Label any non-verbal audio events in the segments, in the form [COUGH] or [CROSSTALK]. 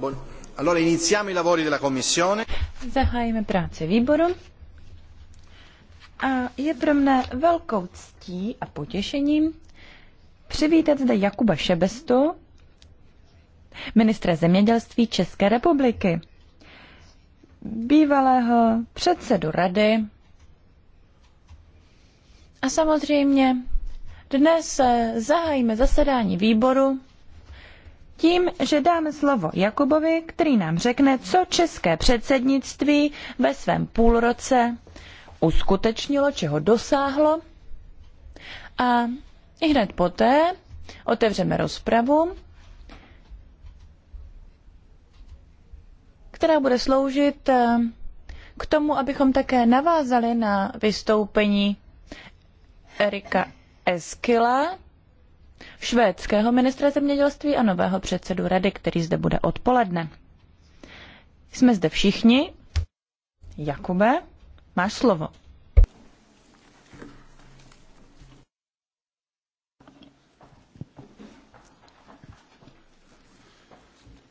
Bon. Allora Zahájíme práci výboru. A je pro mne velkou ctí a potěšením přivítat zde Jakuba Šebestu, ministra zemědělství České republiky, bývalého předsedu rady a samozřejmě dnes eh, zahájíme zasedání výboru tím, že dáme slovo Jakubovi, který nám řekne, co české předsednictví ve svém půlroce uskutečnilo, čeho dosáhlo. A i hned poté otevřeme rozpravu, která bude sloužit eh, k tomu, abychom také navázali na vystoupení Erika Eskila, švédského ministra zemědělství a nového předsedu rady, který zde bude odpoledne. Jsme zde všichni. Jakube, máš slovo.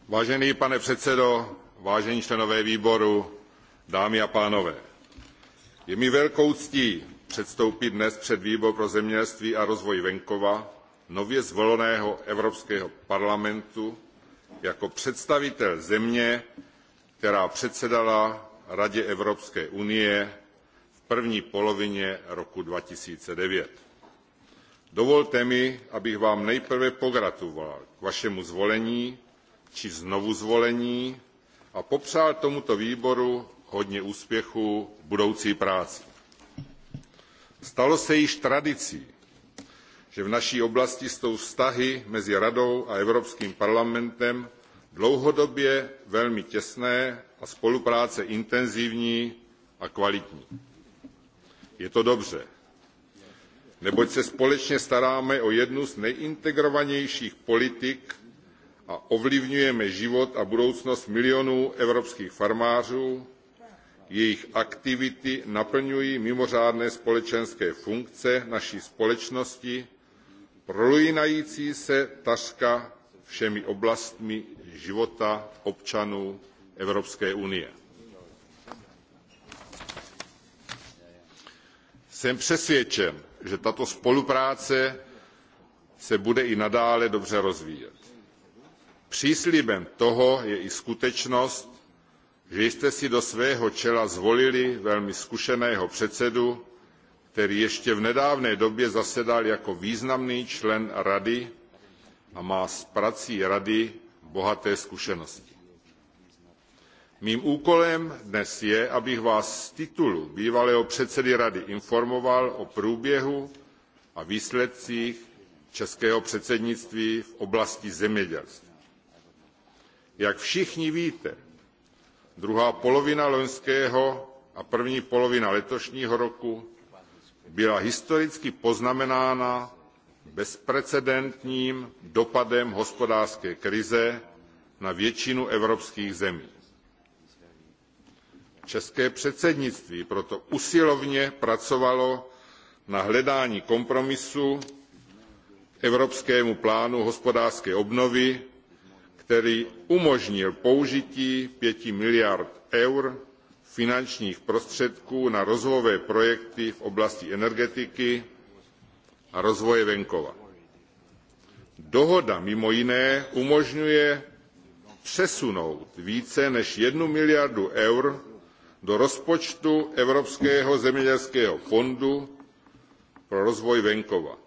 Vážený pane předsedo, vážení členové výboru, dámy a pánové. Je mi velkou ctí předstoupit dnes před výbor pro zemědělství a rozvoj venkova, nově zvoleného Evropského parlamentu jako představitel země, která předsedala Radě Evropské unie v první polovině roku 2009. Dovolte mi, abych vám nejprve pogratuloval k vašemu zvolení či znovuzvolení a popřál tomuto výboru hodně úspěchů v budoucí práci. Stalo se již tradicí, že v naší oblasti jsou vztahy mezi radou a evropským parlamentem dlouhodobě velmi těsné a spolupráce intenzivní a kvalitní. je to dobře neboť se společně staráme o jednu z nejintegrovanějších politik a ovlivňujeme život a budoucnost milionů evropských farmářů jejich aktivity naplňují mimořádné společenské funkce naší společnosti prolínající se takřka všemi oblastmi života občanů evropské unie. jsem přesvědčen že tato spolupráce se bude i nadále dobře rozvíjet. příslibem toho je i skutečnost že jste si do svého čela zvolili velmi zkušeného předsedu který ještě v nedávné době zasedal jako významný člen rady a má s prací rady bohaté zkušenosti. Mým úkolem dnes je, abych vás z titulu bývalého předsedy rady informoval o průběhu a výsledcích českého předsednictví v oblasti zemědělství. Jak všichni víte, druhá polovina loňského a první polovina letošního roku byla historicky poznamenána bezprecedentním dopadem hospodářské krize na většinu evropských zemí. české předsednictví proto usilovně pracovalo na hledání kompromisu k evropskému plánu hospodářské obnovy který umožnil použití five miliard eur finančních prostředků na rozvojové projekty v oblasti energetiky a rozvoje venkova. dohoda mimo jiné umožňuje přesunout více než jednu miliardu eur do rozpočtu evropského zemědělského fondu pro rozvoj venkova.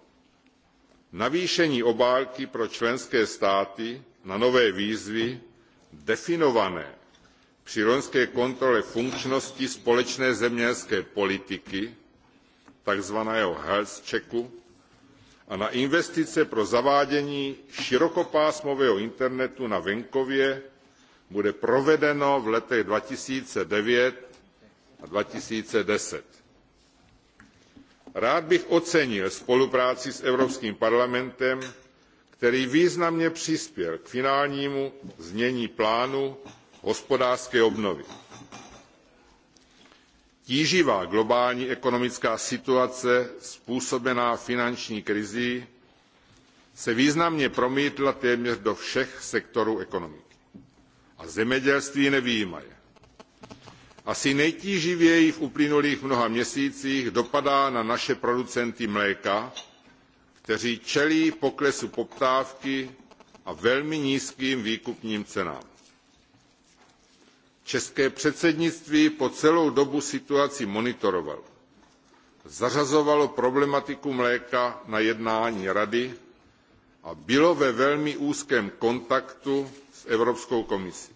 navýšení obálky pro členské státy na nové výzvy definované při loňské kontrole funkčnosti společné zemědělské politiky, takzvaného health checku, a na investice pro zavádění širokopásmového internetu na venkově bude provedeno v letech 2009 a 2010. Rád bych ocenil spolupráci s Evropským parlamentem, který významně přispěl k finálnímu znění plánu hospodářské obnovy. tíživá globální ekonomická situace způsobená finanční krizí se významně promítla téměř do všech sektorů ekonomiky a zemědělství nevyjímaje. asi nejtíživěji v uplynulých mnoha měsících dopadá na naše producenty mléka kteří čelí poklesu poptávky a velmi nízkým výkupním cenám. České předsednictví po celou dobu situaci monitorovalo. Zařazovalo problematiku mléka na jednání Rady a bylo ve velmi úzkém kontaktu s Evropskou komisí.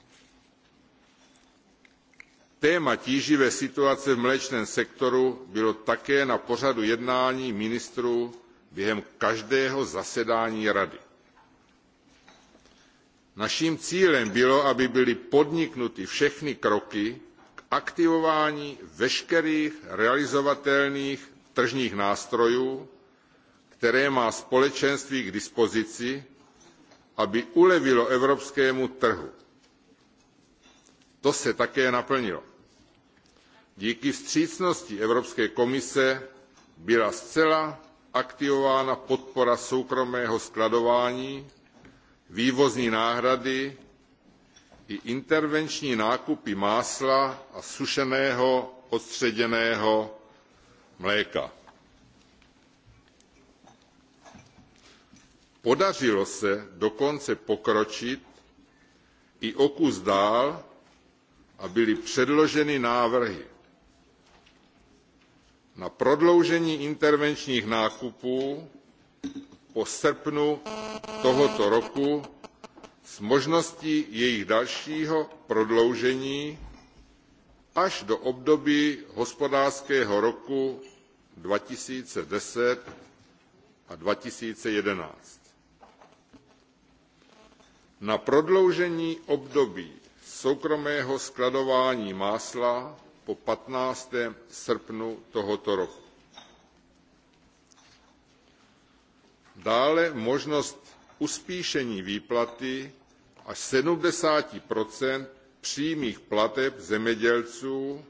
Téma tíživé situace v mléčném sektoru bylo také na pořadu jednání ministrů během každého zasedání Rady naším cílem bylo aby byly podniknuty všechny kroky k aktivování veškerých realizovatelných tržních nástrojů které má společenství k dispozici aby ulevilo evropskému trhu. to se také naplnilo. díky vstřícnosti evropské komise byla zcela aktivována podpora soukromého skladování vývozní náhrady i intervenční nákupy másla a sušeného odstředěného mléka. Podařilo se dokonce pokročit i o kus dál a byly předloženy návrhy na prodloužení intervenčních nákupů po srpnu tohoto roku s možností jejich dalšího prodloužení až do období hospodářského roku 2010 a 2011. Na prodloužení období soukromého skladování másla po 15. srpnu tohoto roku. dále možnost uspíšení výplaty až seventy přímých plateb zemědělců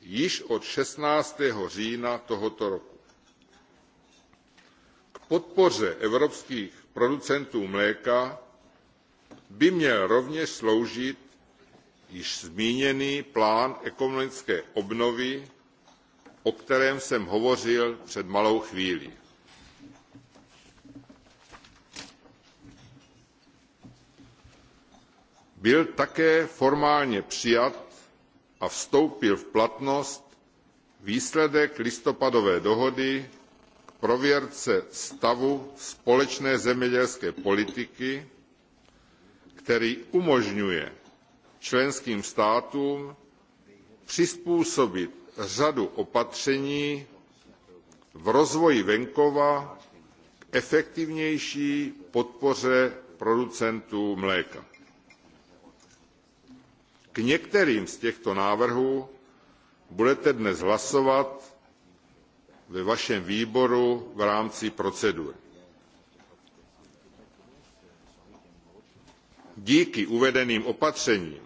již od. sixteen října tohoto roku. k podpoře evropských producentů mléka by měl rovněž sloužit již zmíněný plán ekonomické obnovy o kterém jsem hovořil před malou chvílí. byl také formálně přijat a vstoupil v platnost výsledek listopadové dohody k prověrce stavu společné zemědělské politiky který umožňuje členským státům přizpůsobit řadu opatření v rozvoji venkova k efektivnější podpoře producentů mléka některým z těchto návrhů budete dnes hlasovat ve vašem výboru v rámci procedury. díky uvedeným opatřením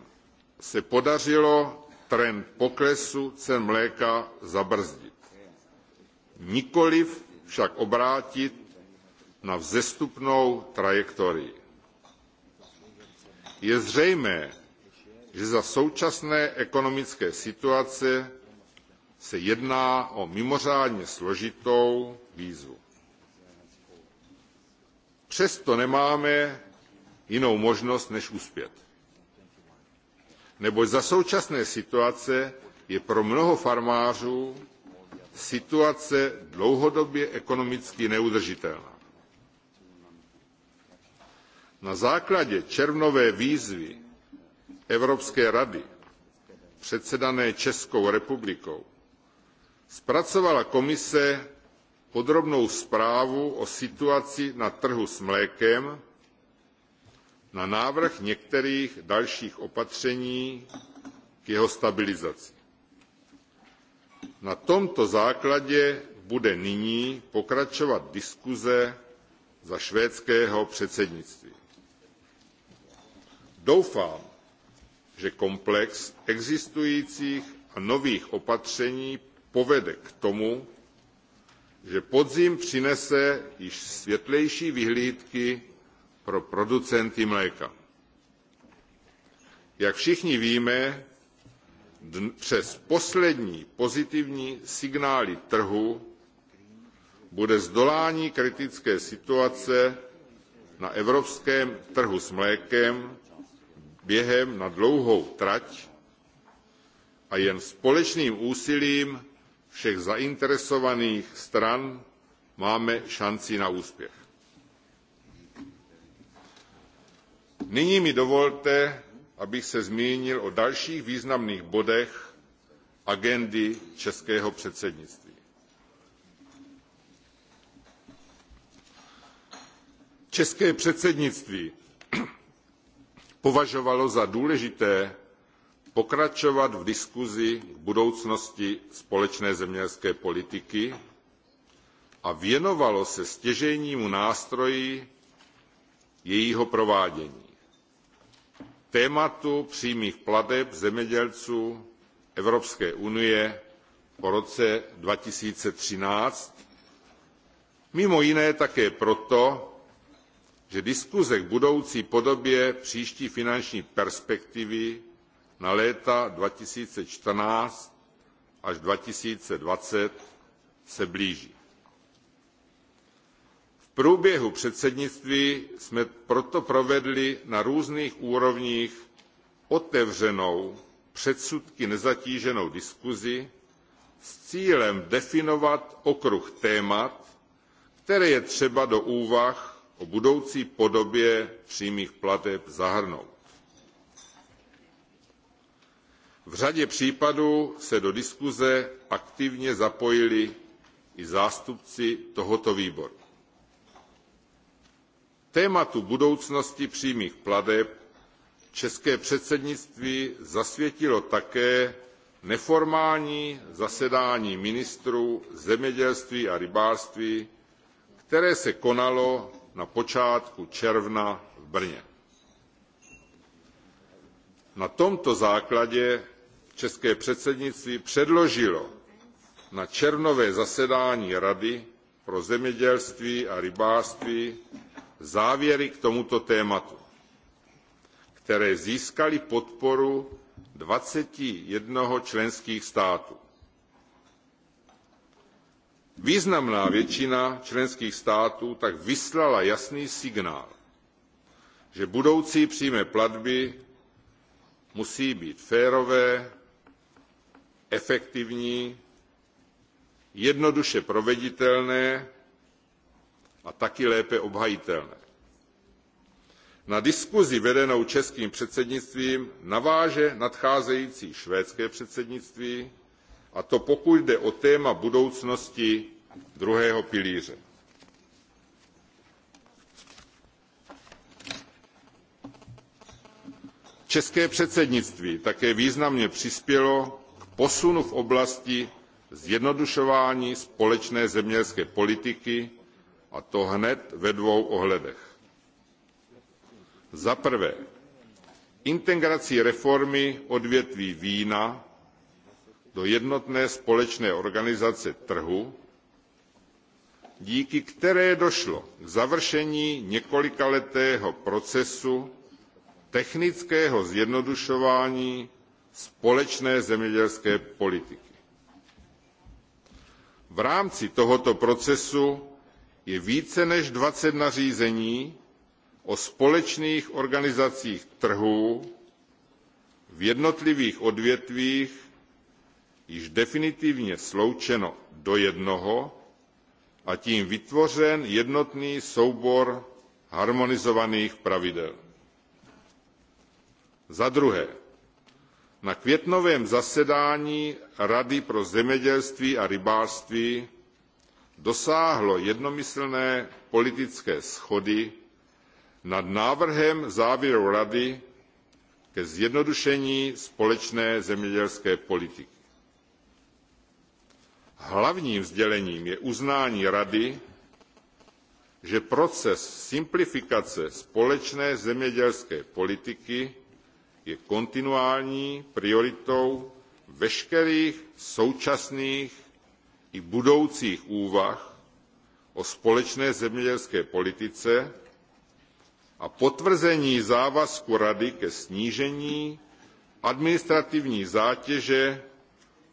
se podařilo trend poklesu cen mléka zabrzdit nikoliv však obrátit na vzestupnou trajektorii. je zřejmé že za současné ekonomické situace se jedná o mimořádně složitou výzvu. Přesto nemáme jinou možnost, než uspět. Neboť za současné situace je pro mnoho farmářů situace dlouhodobě ekonomicky neudržitelná. Na základě červnové výzvy Evropské rady, předsedané Českou republikou, zpracovala komise podrobnou zprávu o situaci na trhu s mlékem na návrh některých dalších opatření k jeho stabilizaci. Na tomto základě bude nyní pokračovat diskuze za švédského předsednictví. Doufám, že komplex existujících a nových opatření povede k tomu, že podzim přinese již světlejší vyhlídky pro producenty mléka. Jak všichni víme, přes poslední pozitivní signály trhu bude zdolání kritické situace na evropském trhu s mlékem během na dlouhou trať a jen společným úsilím všech zainteresovaných stran máme šanci na úspěch. Nyní mi dovolte, abych se zmínil o dalších významných bodech agendy českého předsednictví. České předsednictví považovalo za důležité pokračovat v diskusi k budoucnosti společné zemědělské politiky a věnovalo se stěžejnímu nástroji jejího provádění tématu přímých plateb zemědělců Evropské unie po roce 2013, mimo jiné také proto, že diskuse k budoucí podobě příští finanční perspektivy na léta two thousand and fourteen až two thousand and twenty se blíží. v průběhu předsednictví jsme proto provedli na různých úrovních otevřenou předsudky nezatíženou diskusi s cílem definovat okruh témat které je třeba do úvah o budoucí podobě přímých plateb zahrnout. v řadě případů se do diskuse aktivně zapojili i zástupci tohoto výboru. tématu budoucnosti přímých plateb české předsednictví zasvětilo také neformální zasedání ministrů zemědělství a rybářství které se konalo na počátku června v Brně. Na tomto základě české předsednictví předložilo na červnové zasedání Rady pro zemědělství a rybářství závěry k tomuto tématu, které získaly podporu 21 členských států. Významná většina členských států tak vyslala jasný signál, že budoucí přímé platby musí být férové, efektivní, jednoduše proveditelné a taky lépe obhajitelné. Na diskuzi vedenou českým předsednictvím naváže nadcházející švédské předsednictví, a to pokud jde o téma budoucnosti druhého pilíře. České předsednictví také významně přispělo k posunu v oblasti zjednodušování společné zemědělské politiky a to hned ve dvou ohledech. Za prvé, integrací reformy odvětví vína do jednotné společné organizace trhu díky které došlo k završení několikaletého procesu technického zjednodušování společné zemědělské politiky. v rámci tohoto procesu je více než dvacet nařízení o společných organizacích trhů v jednotlivých odvětvích již definitivně sloučeno do jednoho a tím vytvořen jednotný soubor harmonizovaných pravidel. za druhé na květnovém zasedání rady pro zemědělství a rybářství dosáhlo jednomyslné politické shody nad návrhem závěrů rady ke zjednodušení společné zemědělské politiky. Hlavním sdělením je uznání Rady, že proces simplifikace společné zemědělské politiky je kontinuální prioritou veškerých současných i budoucích úvah o společné zemědělské politice a potvrzení závazku Rady ke snížení administrativní zátěže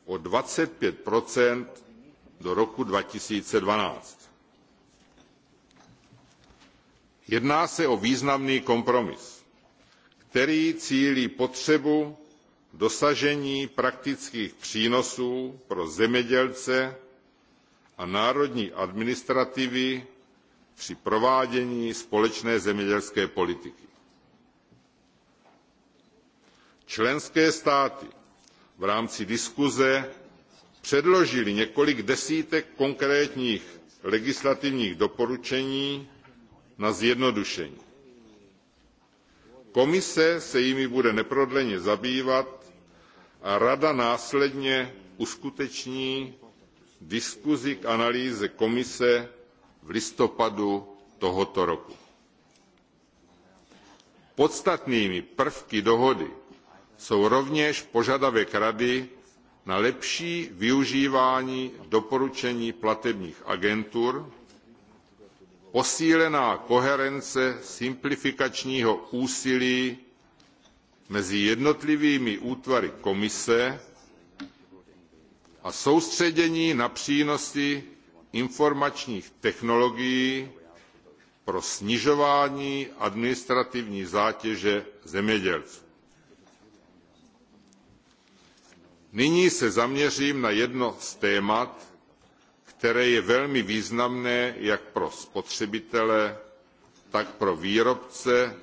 o 25 do roku 2012. Jedná se o významný kompromis, který cílí potřebu dosažení praktických přínosů pro zemědělce a národní administrativy při provádění společné zemědělské politiky. Členské státy v rámci diskuse předložili několik desítek konkrétních legislativních doporučení na zjednodušení. komise se jimi bude neprodleně zabývat a rada následně uskuteční diskusi k analýze komise v listopadu tohoto roku. podstatnými prvky dohody jsou rovněž požadavek rady na lepší využívání doporučení platebních agentur posílená koherence simplifikačního úsilí mezi jednotlivými útvary komise a soustředění na přínosy informačních technologií pro snižování administrativní zátěže zemědělců. nyní se zaměřím na jedno z témat které je velmi významné jak pro spotřebitele tak pro výrobce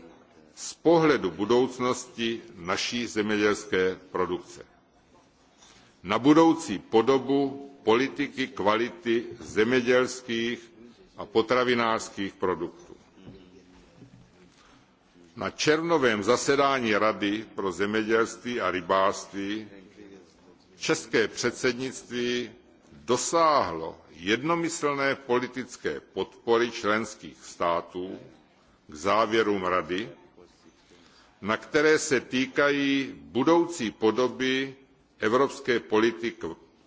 z pohledu budoucnosti naší zemědělské produkce na budoucí podobu politiky kvality zemědělských a potravinářských produktů. na červnovém zasedání rady pro zemědělství a rybářství české předsednictví dosáhlo jednomyslné politické podpory členských států k závěrům rady na které se týkají budoucí podoby evropské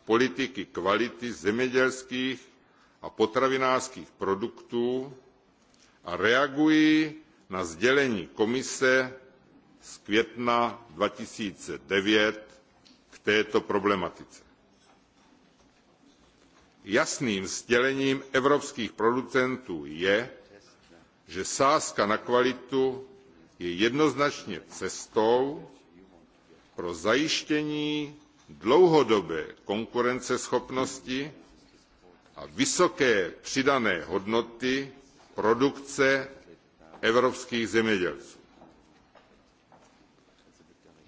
politiky kvality zemědělských a potravinářských produktů a reagují na sdělení komise z května two thousand and nine této problematice. jasným sdělením evropských producentů je že sázka na kvalitu je jednoznačně cestou pro zajištění dlouhodobé konkurenceschopnosti a vysoké přidané hodnoty produkce evropských zemědělců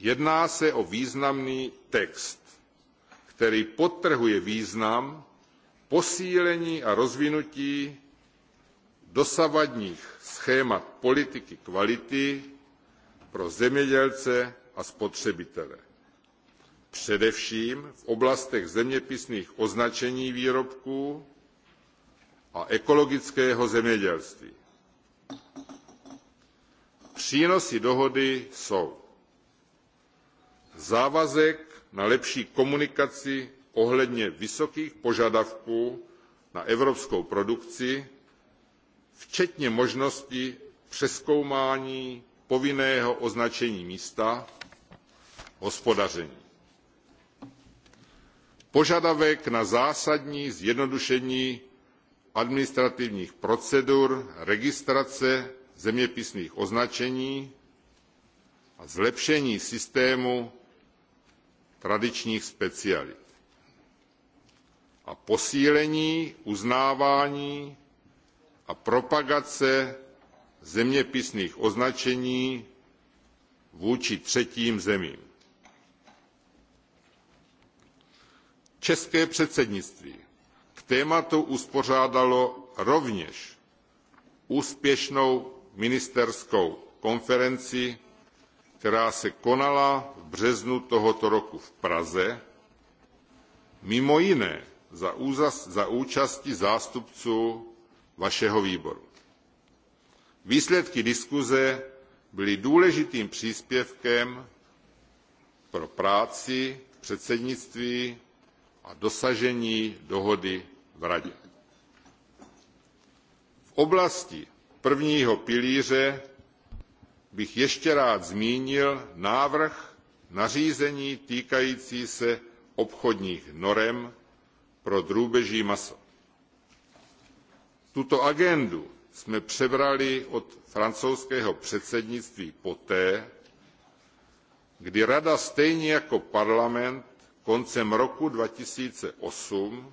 jedná se o významný text který podtrhuje význam posílení a rozvinutí dosavadních schémat politiky kvality pro zemědělce a spotřebitele především v oblastech zeměpisných označení výrobků a ekologického zemědělství. přínosy dohody jsou závazek na lepší komunikaci ohledně vysokých požadavků na evropskou produkci včetně možnosti přezkoumání povinného označení místa hospodaření požadavek na zásadní zjednodušení administrativních procedur registrace zeměpisných označení a zlepšení systému tradičních specialit a posílení uznávání a propagace zeměpisných označení vůči třetím zemím. České předsednictví k tématu uspořádalo rovněž úspěšnou ministerskou konferenci která se konala v březnu tohoto roku v Praze, mimo jiné za, úzas, za účasti zástupců vašeho výboru. Výsledky diskuze byly důležitým příspěvkem pro práci předsednictví a dosažení dohody v Radě. V oblasti prvního pilíře bych ještě rád zmínil návrh nařízení týkající se obchodních norem pro drůbeží maso. tuto agendu jsme přebrali od francouzského předsednictví poté kdy rada stejně jako parlament koncem roku two thousand and eight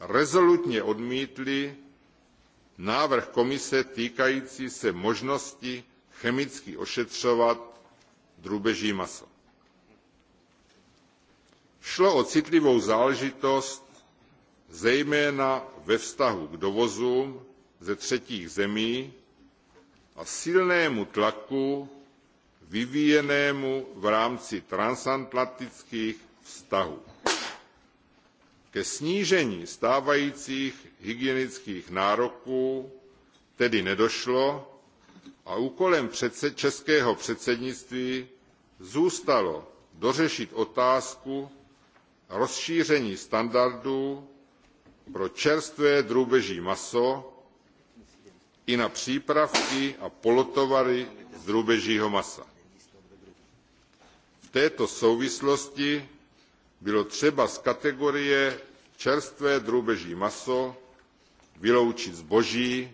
rezolutně odmítly návrh komise týkající se možnosti chemicky ošetřovat drůbeží maso. Šlo o citlivou záležitost zejména ve vztahu k dovozům ze třetích zemí a silnému tlaku vyvíjenému v rámci transatlantických vztahů. Ke snížení stávajících hygienických nároků tedy nedošlo a úkolem českého předsednictví zůstalo dořešit otázku rozšíření standardů pro čerstvé drůbeží maso i na přípravky a polotovary z drůbežího masa. v této souvislosti bylo třeba z kategorie čerstvé drůbeží maso vyloučit zboží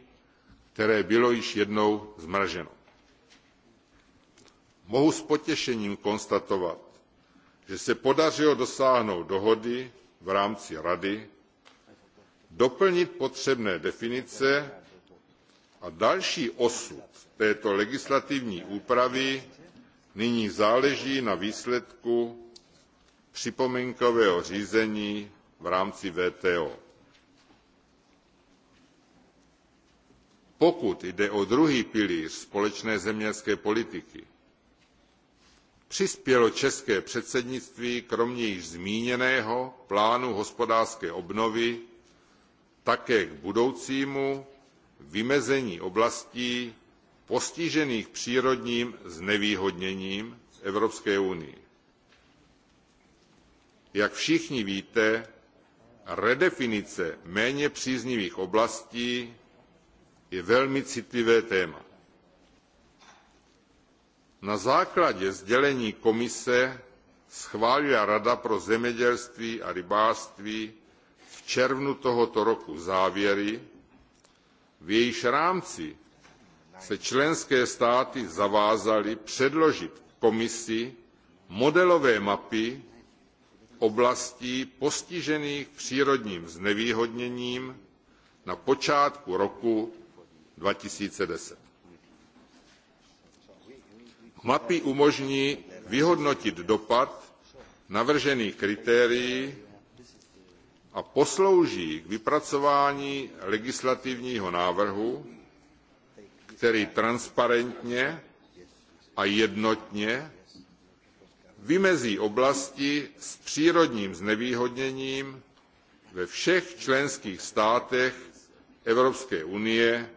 které bylo již jednou zmrazeno. mohu s potěšením konstatovat že se podařilo dosáhnout dohody v rámci rady doplnit potřebné definice a další osud této legislativní úpravy nyní záleží na výsledku připomínkového řízení v rámci wto. pokud jde o druhý pilíř společné zemědělské politiky přispělo české předsednictví kromě již zmíněného plánu hospodářské obnovy také k budoucímu vymezení oblastí postižených přírodním znevýhodněním v evropské unii. jak všichni víte redefinice méně příznivých oblastí je velmi citlivé téma. Na základě sdělení komise schválila Rada pro zemědělství a rybářství v červnu tohoto roku závěry, v jejíž rámci se členské státy zavázaly předložit komisi modelové mapy oblastí postižených přírodním znevýhodněním na počátku roku two thousand and ten mapy umožní vyhodnotit dopad navržených kritérií a poslouží k vypracování legislativního návrhu který transparentně a jednotně vymezí oblasti s přírodním znevýhodněním ve všech členských státech evropské unie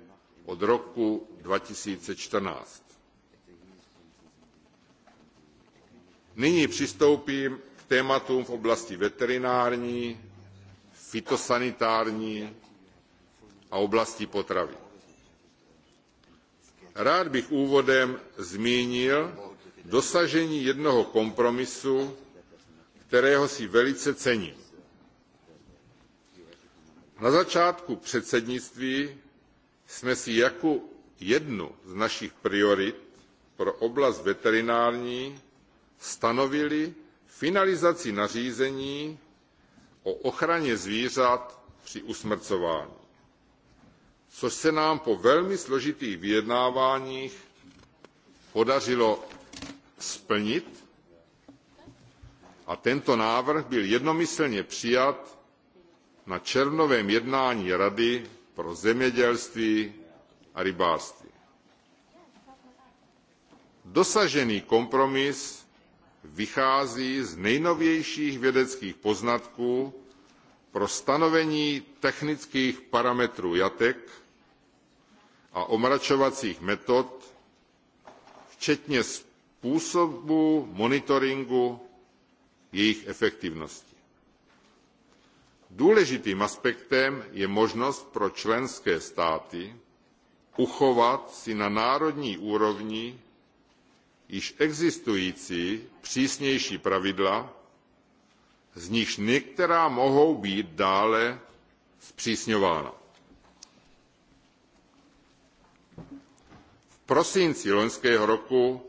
od roku 2014. Nyní přistoupím k tématům v oblasti veterinární, fitosanitární a oblasti potravy. Rád bych úvodem zmínil dosažení jednoho kompromisu, kterého si velice cením. Na začátku předsednictví jsme si jako jednu z našich priorit pro oblast veterinární stanovili finalizaci nařízení o ochraně zvířat při usmrcování což se nám po velmi složitých vyjednáváních podařilo splnit a tento návrh byl jednomyslně přijat na červnovém jednání rady pro zemědělství a rybářství. Dosažený kompromis vychází z nejnovějších vědeckých poznatků pro stanovení technických parametrů jatek a omračovacích metod, včetně způsobu monitoringu jejich efektivnosti důležitým aspektem je možnost pro členské státy uchovat si na národní úrovni již existující přísnější pravidla z nichž některá mohou být dále zpřísňována. v prosinci loňského roku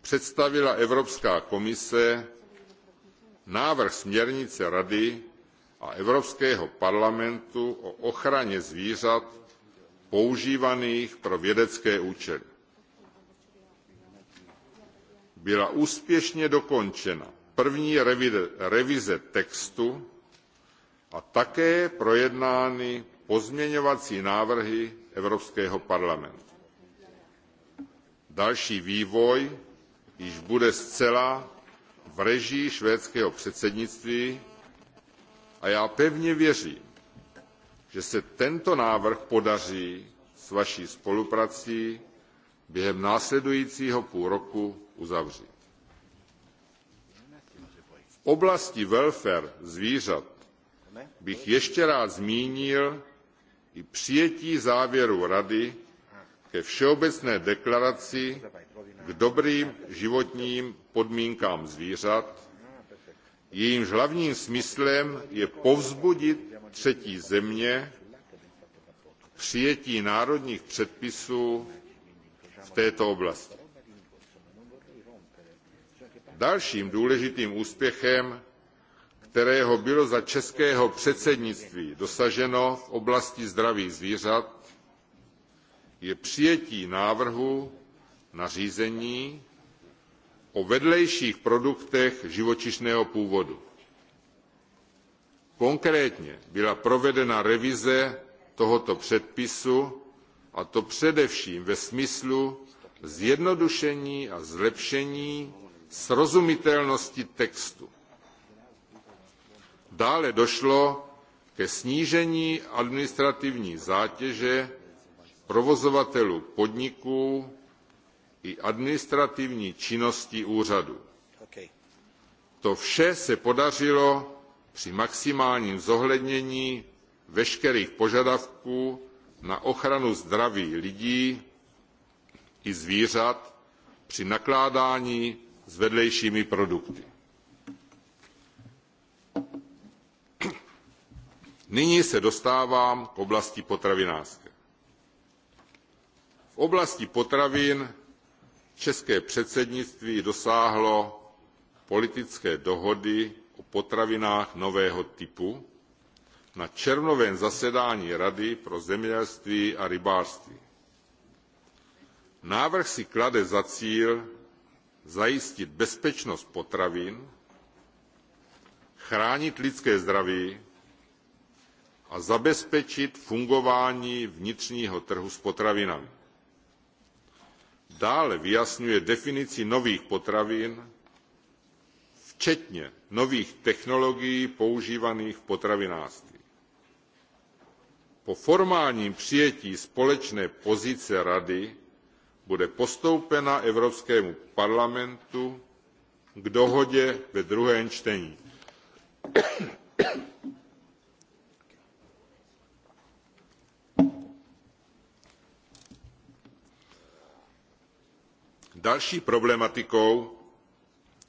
představila evropská komise návrh směrnice rady a Evropského parlamentu o ochraně zvířat používaných pro vědecké účely. Byla úspěšně dokončena první revize textu a také projednány pozměňovací návrhy Evropského parlamentu. Další vývoj již bude zcela v režii švédského předsednictví a já pevně věřím že se tento návrh podaří s vaší spoluprací během následujícího roku uzavřít. v oblasti welfare zvířat bych ještě rád zmínil i přijetí závěrů rady ke všeobecné deklaraci k dobrým životním podmínkám zvířat jejímž hlavním smyslem je povzbudit třetí země k přijetí národních předpisů v této oblasti. dalším důležitým úspěchem kterého bylo za českého předsednictví dosaženo v oblasti zdraví zvířat je přijetí návrhu nařízení o vedlejších produktech živočišného původu. Konkrétně byla provedena revize tohoto předpisu, a to především ve smyslu zjednodušení a zlepšení srozumitelnosti textu. Dále došlo ke snížení administrativní zátěže provozovatelů podniků i administrativní činností úřadu. To vše se podařilo při maximálním zohlednění veškerých požadavků na ochranu zdraví lidí i zvířat při nakládání s vedlejšími produkty. Nyní se dostávám k oblasti potravinářské. V oblasti potravin české předsednictví dosáhlo politické dohody o potravinách nového typu na červnovém zasedání rady pro zemědělství a rybářství. návrh si klade za cíl zajistit bezpečnost potravin chránit lidské zdraví a zabezpečit fungování vnitřního trhu s potravinami dále vyjasňuje definici nových potravin včetně nových technologií používaných v potravinářství. po formálním přijetí společné pozice rady bude postoupena evropskému parlamentu k dohodě ve druhém čtení. další problematikou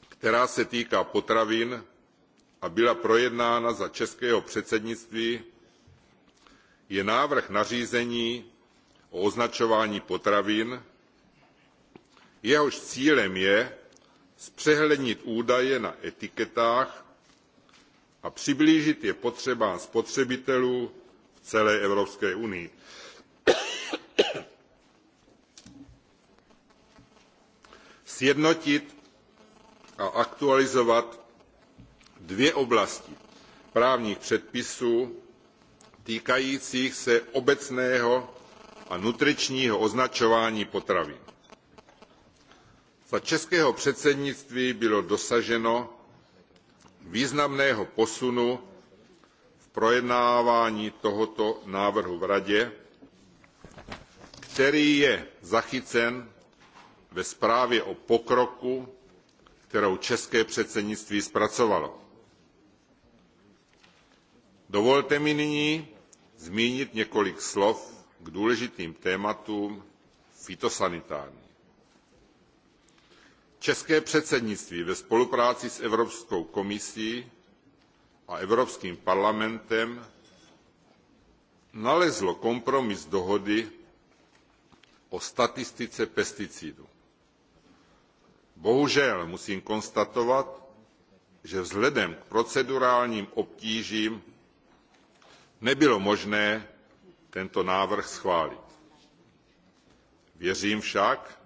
která se týká potravin a byla projednána za českého předsednictví je návrh nařízení o označování potravin jehož cílem je zpřehlednit údaje na etiketách a přiblížit je potřebám spotřebitelů v celé evropské unii. sjednotit a aktualizovat dvě oblasti právních předpisů týkajících se obecného a nutričního označování potravin. za českého předsednictví bylo dosaženo významného posunu v projednávání tohoto návrhu v radě který je zachycen ve zprávě o pokroku kterou české předsednictví zpracovalo. dovolte mi nyní zmínit několik slov k důležitým tématům fytosanitární. české předsednictví ve spolupráci s evropskou komisí a evropským parlamentem nalezlo kompromis dohody o statistice pesticidů bohužel musím konstatovat že vzhledem k procedurálním obtížím nebylo možné tento návrh schválit. věřím však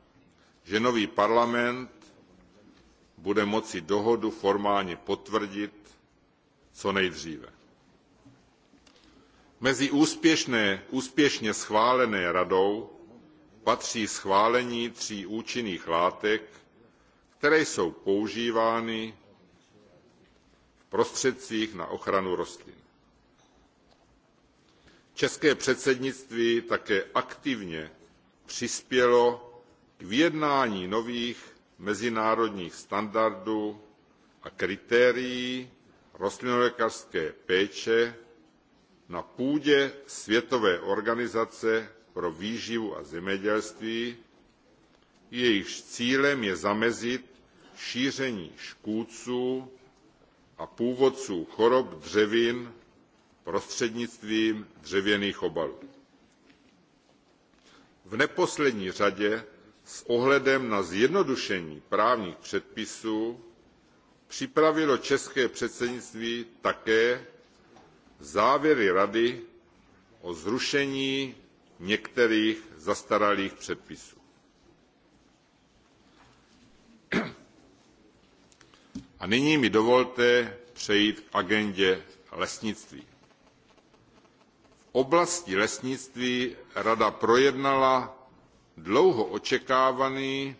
že nový parlament bude moci dohodu formálně potvrdit co nejdříve. mezi úspěšně schválené radou patří schválení tří účinných látek které jsou používány v prostředcích na ochranu rostlin. České předsednictví také aktivně přispělo k vyjednání nových mezinárodních standardů a kritérií rostlinolékařské péče na půdě Světové organizace pro výživu a zemědělství, jejichž cílem je zamezit šíření škůdců a původců chorob dřevin prostřednictvím dřevěných obalů. v neposlední řadě s ohledem na zjednodušení právních předpisů připravilo české předsednictví také závěry rady o zrušení některých zastaralých předpisů. A nyní mi dovolte přejít k agendě lesnictví. V oblasti lesnictví Rada projednala dlouho očekávaný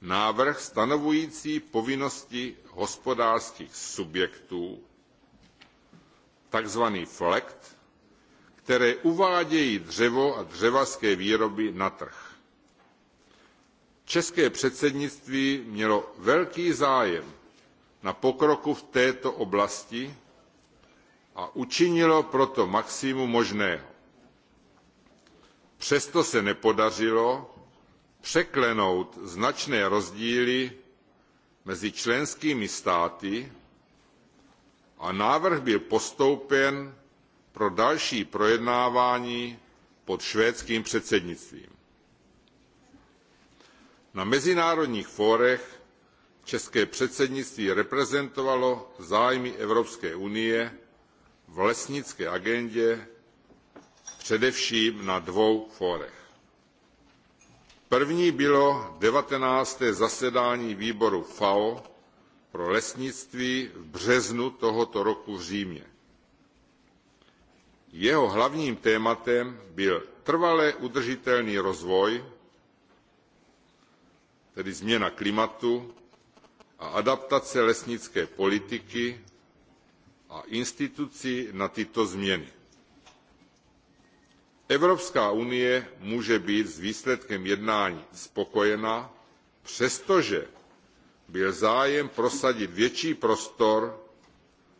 návrh stanovující povinnosti hospodářských subjektů, takzvaný FLECT, které uvádějí dřevo a dřevařské výroby na trh. České předsednictví mělo velký zájem na pokroku v této oblasti a učinilo proto maximum možného. Přesto se nepodařilo překlenout značné rozdíly mezi členskými státy a návrh byl postoupen pro další projednávání pod švédským předsednictvím. Na mezinárodních fórech české předsednictví reprezentovalo zájmy evropské unie v lesnické agendě především na dvou fórech. první bylo devatenácté zasedání výboru fao pro lesnictví v březnu tohoto roku v římě. jeho hlavním tématem byl trvale udržitelný rozvoj tedy změna klimatu a adaptace lesnické politiky a institucí na tyto změny. Evropská unie může být s výsledkem jednání spokojena, přestože byl zájem prosadit větší prostor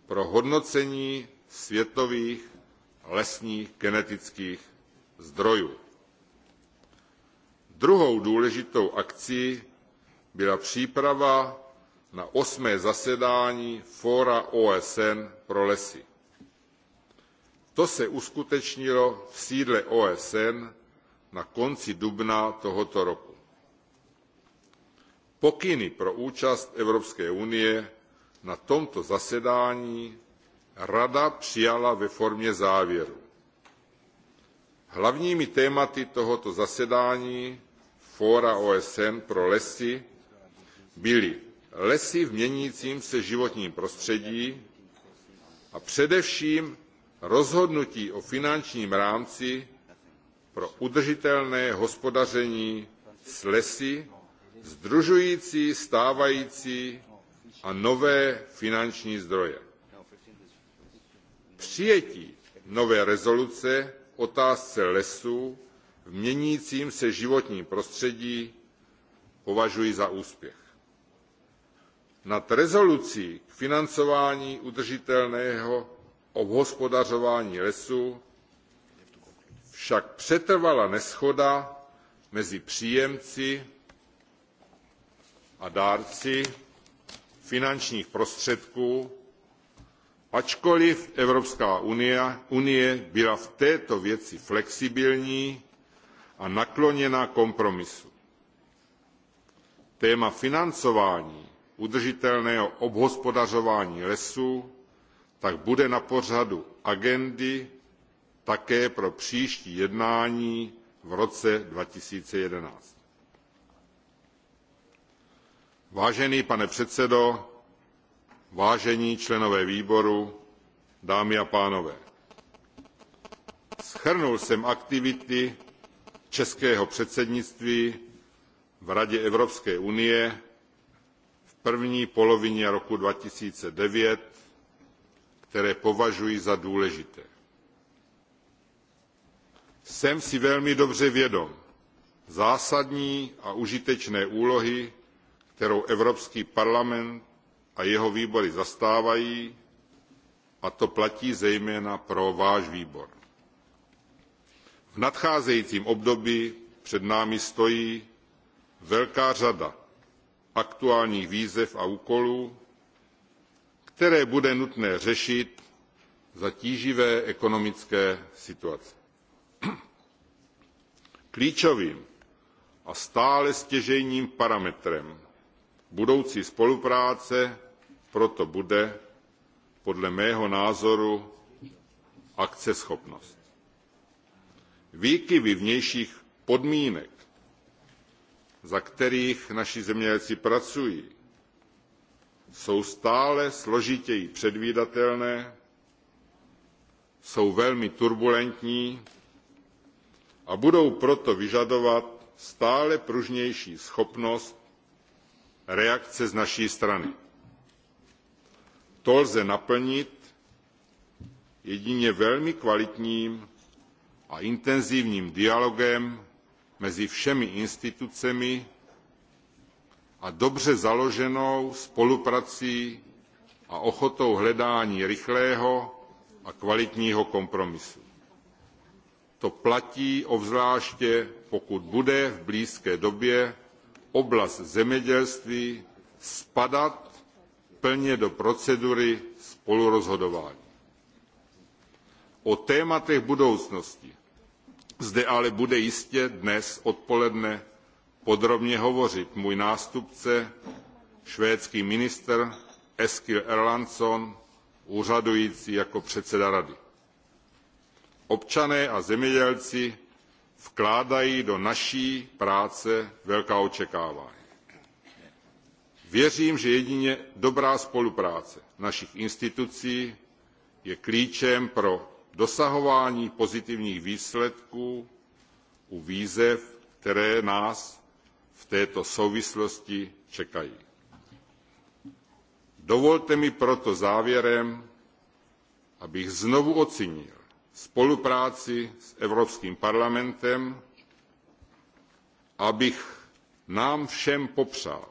pro hodnocení světových lesních genetických zdrojů. Druhou důležitou akcí byla příprava na osmé zasedání fóra osn pro lesy. to se uskutečnilo v sídle osn na konci dubna tohoto roku. pokyny pro účast evropské unie na tomto zasedání rada přijala ve formě závěrů. hlavními tématy tohoto zasedání fóra osn pro lesy byly lesy v měnícím se životním prostředí a především rozhodnutí o finančním rámci pro udržitelné hospodaření s lesy sdružující stávající a nové finanční zdroje. přijetí nové rezoluce v otázce lesů v měnícím se životním prostředí považuji za úspěch nad rezolucí k financování udržitelného obhospodařování lesů však přetrvala neshoda mezi příjemci a dárci finančních prostředků ačkoliv evropská unie byla v této věci flexibilní a nakloněna kompromisu. téma financování udržitelného obhospodařování lesů tak bude na pořadu agendy také pro příští jednání v roce. two thousand and eleven vážený pane předsedo vážení členové výboru dámy a pánové shrnul jsem aktivity českého předsednictví v radě evropské unie první polovině roku two thousand and nine které považuji za důležité. jsem si velmi dobře vědom zásadní a užitečné úlohy kterou evropský parlament a jeho výbory zastávají a to platí zejména pro váš výbor. v nadcházejícím období před námi stojí velká řada aktuálních výzev a úkolů které bude nutné řešit za tíživé ekonomické situace. [CLEARS THROAT] klíčovým a stále stěžejním parametrem budoucí spolupráce proto bude podle mého názoru akceschopnost. výkyvy vnějších podmínek za kterých naši zemědělci pracují jsou stále složitěji předvídatelné jsou velmi turbulentní a budou proto vyžadovat stále pružnější schopnost reakce z naší strany. to lze naplnit jedině velmi kvalitním a intenzivním dialogem mezi všemi institucemi a dobře založenou spoluprací a ochotou hledání rychlého a kvalitního kompromisu. to platí obzvláště pokud bude v blízké době oblast zemědělství spadat plně do procedury spolurozhodování. o tématech budoucnosti zde ale bude jistě dnes odpoledne podrobně hovořit můj nástupce švédský ministr eskil erlandsson úřadující jako předseda rady. občané a zemědělci vkládají do naší práce velká očekávání. věřím že jedině dobrá spolupráce našich institucí je klíčem pro dosahování pozitivních výsledků u výzev které nás v této souvislosti čekají. dovolte mi proto závěrem abych znovu ocenil spolupráci s evropským parlamentem a abych nám všem popřál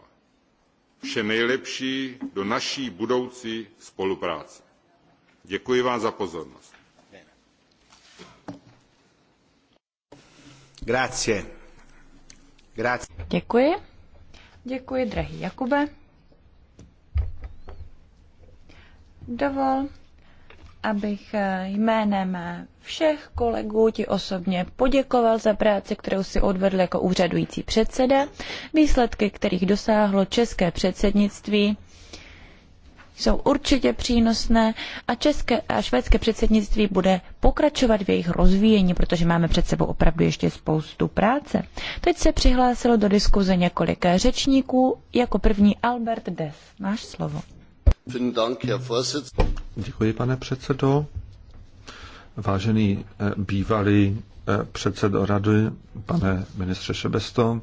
vše nejlepší do naší budoucí spolupráce. děkuji vám za pozornost. Grazie. Grazie. Děkuji. Děkuji, drahý Jakube. Dovol, abych eh, jménem všech kolegů ti osobně poděkoval za práci, kterou si odvedl jako úřadující předseda, výsledky, kterých dosáhlo české předsednictví jsou určitě přínosné a české a švédské předsednictví bude pokračovat v jejich rozvíjení, protože máme před sebou opravdu ještě spoustu práce. Teď se přihlásilo do diskuze několik řečníků, jako první Albert Des. Máš slovo. Děkuji, pane předsedo. Vážený eh, bývalý eh, předsedo rady, pane ministře Šebesto,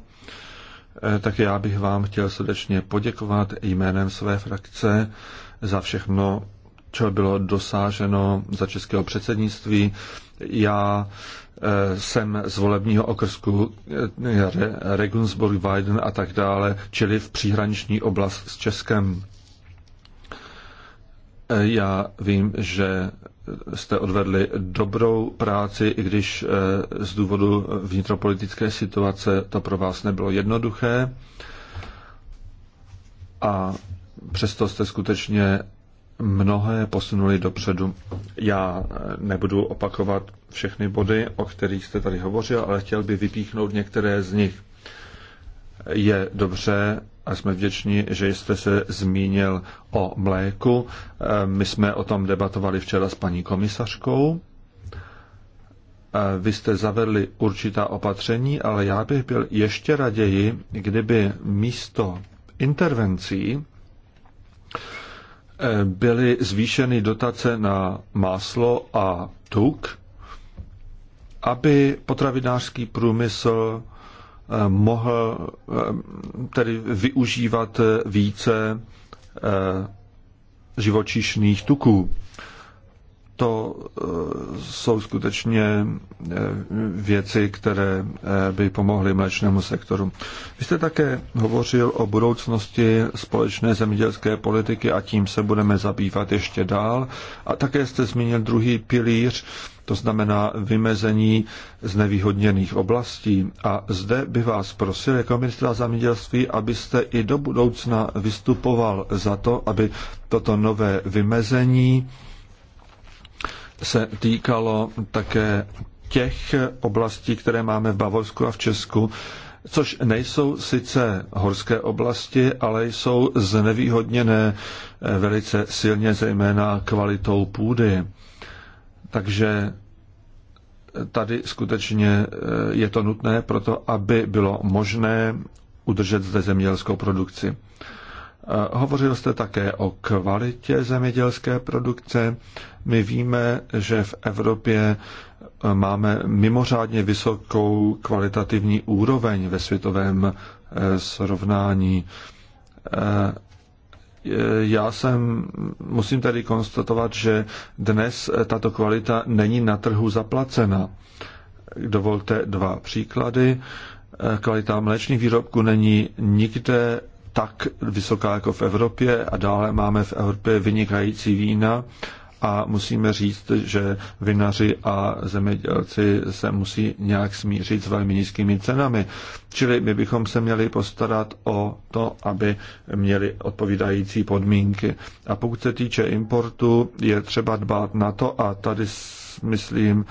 Eh, tak já bych vám chtěl srdečně poděkovat jménem své frakce za všechno, co bylo dosáženo za českého předsednictví. Já eh, jsem z volebního okrsku eh, Regensburg, Weiden a tak dále, čili v příhraniční oblast s Českem. Já vím, že jste odvedli dobrou práci, i když eh, z důvodu vnitropolitické situace to pro vás nebylo jednoduché. A přesto jste skutečně mnohé posunuli dopředu. Já eh, nebudu opakovat všechny body, o kterých jste tady hovořil, ale chtěl bych vypíchnout některé z nich je dobře a jsme vděční, že jste se zmínil o mléku. Eh, my jsme o tom debatovali včera s paní komisařkou. Eh, vy jste zavedli určitá opatření, ale já bych byl ještě raději, kdyby místo intervencí eh, byly zvýšeny dotace na máslo a tuk, aby potravinářský průmysl mohl eh, tedy využívat více eh, živočišných tuků to eh, jsou skutečně eh, věci, které eh, by pomohly mléčnému sektoru. Vy jste také hovořil o budoucnosti společné zemědělské politiky a tím se budeme zabývat ještě dál. A také jste zmínil druhý pilíř, to znamená vymezení znevýhodněných oblastí. A zde by vás prosil jako ministra zemědělství, abyste i do budoucna vystupoval za to, aby toto nové vymezení se týkalo také těch oblastí, které máme v Bavorsku a v Česku, což nejsou sice horské oblasti, ale jsou znevýhodněné eh, velice silně, zejména kvalitou půdy. Takže tady skutečně eh, je to nutné proto, aby bylo možné udržet zde zemědělskou produkci. Hovořil jste také o kvalitě zemědělské produkce. My víme, že v Evropě e, máme mimořádně vysokou kvalitativní úroveň ve světovém e, srovnání. E, já jsem, musím tady konstatovat, že dnes tato kvalita není na trhu zaplacena. Dovolte dva příklady. Kvalita mléčných výrobků není nikde tak vysoká jako v Evropě a dále máme v Evropě vynikající vína a musíme říct, že vinaři a zemědělci se musí nějak smířit s velmi nízkými cenami. Čili my bychom se měli postarat o to, aby měli odpovídající podmínky. A pokud se týče importu, je třeba dbát na to a tady myslím,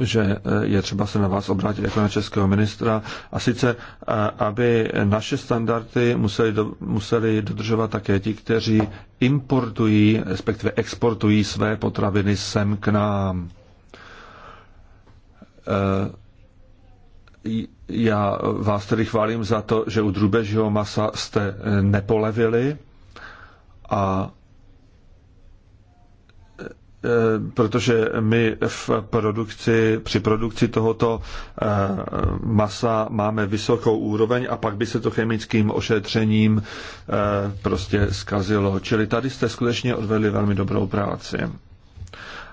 že eh, je třeba se na vás obrátit jako na českého ministra a sice, eh, aby naše standardy museli, do, museli dodržovat také ti, kteří importují, respektive exportují své potraviny sem k nám. Eh, já vás tedy chválím za to, že u drubežího masa jste nepolevili a Eh, protože my v produkci, při produkci tohoto eh, masa máme vysokou úroveň a pak by se to chemickým ošetřením eh, prostě zkazilo. Čili tady jste skutečně odvedli velmi dobrou práci.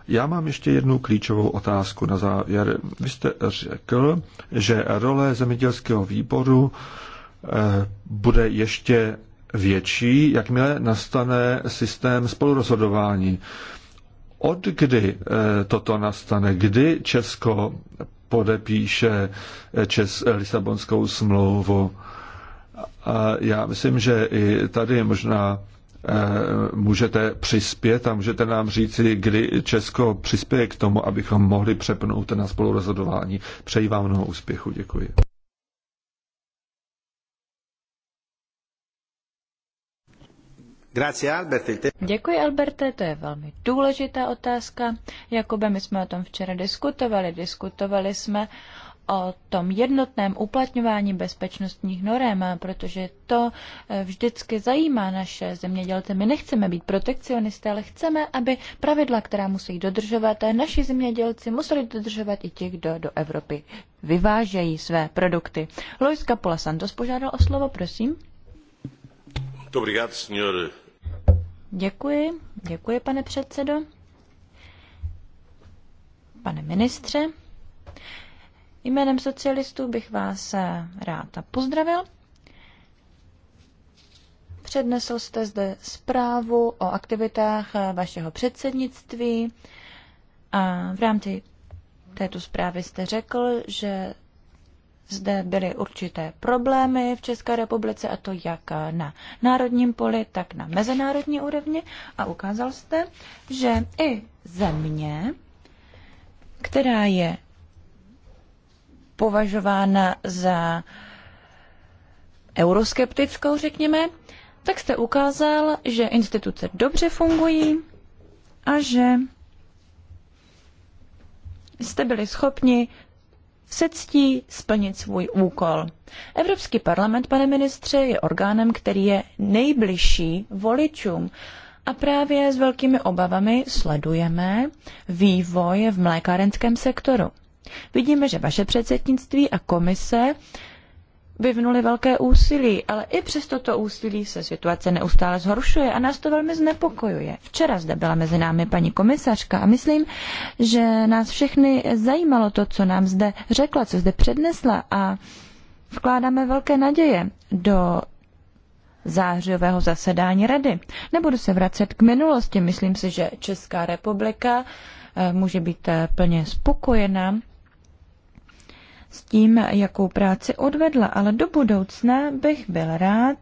Já mám ještě jednu klíčovou otázku na závěr. Vy jste řekl, že role zemědělského výboru bude ještě větší, jakmile nastane systém spolurozhodování od kdy eh, toto nastane, kdy Česko podepíše eh, Čes eh, Lisabonskou smlouvu. A já myslím, že i tady možná můžete přispět a můžete nám říci, kdy Česko přispěje k tomu, abychom mohli přepnout na spolurozhodování. Přeji vám mnoho úspěchu. Děkuji. Děkuji, Alberte, to je velmi důležitá otázka. Jakoby my jsme o tom včera diskutovali. Diskutovali jsme o tom jednotném uplatňování bezpečnostních norem, protože to eh, vždycky zajímá naše zemědělce. My nechceme být protekcionisté, ale chceme, aby pravidla, která musí dodržovat, eh, naši zemědělci museli dodržovat i ti, kdo do Evropy vyvážejí své produkty. Lois Capola Santos požádal o slovo, prosím. Dobrý den, Děkuji, děkuji, pane předsedo. Pane ministře, jménem socialistů bych vás rád pozdravil. Přednesl jste zde zprávu o aktivitách vašeho předsednictví a v rámci této zprávy jste řekl, že zde byly určité problémy v České republice, a to jak na národním poli, tak na mezinárodní úrovni. A ukázal jste, že i země, která je považována za euroskeptickou, řekněme, tak jste ukázal, že instituce dobře fungují a že jste byli schopni se ctí splnit svůj úkol. Evropský parlament, pane ministře, je orgánem, který je nejbližší voličům. A právě s velkými obavami sledujeme vývoj v mlékárenském sektoru. Vidíme, že vaše předsednictví a komise vyvinuli velké úsilí, ale i přes toto úsilí se situace neustále zhoršuje a nás to velmi znepokojuje. Včera zde byla mezi námi paní komisařka a myslím, že nás všechny zajímalo to, co nám zde řekla, co zde přednesla a vkládáme velké naděje do zářijového zasedání rady. Nebudu se vracet k minulosti, myslím si, že Česká republika eh, může být eh, plně spokojená s tím, jakou práci odvedla, ale do budoucna bych byl rád,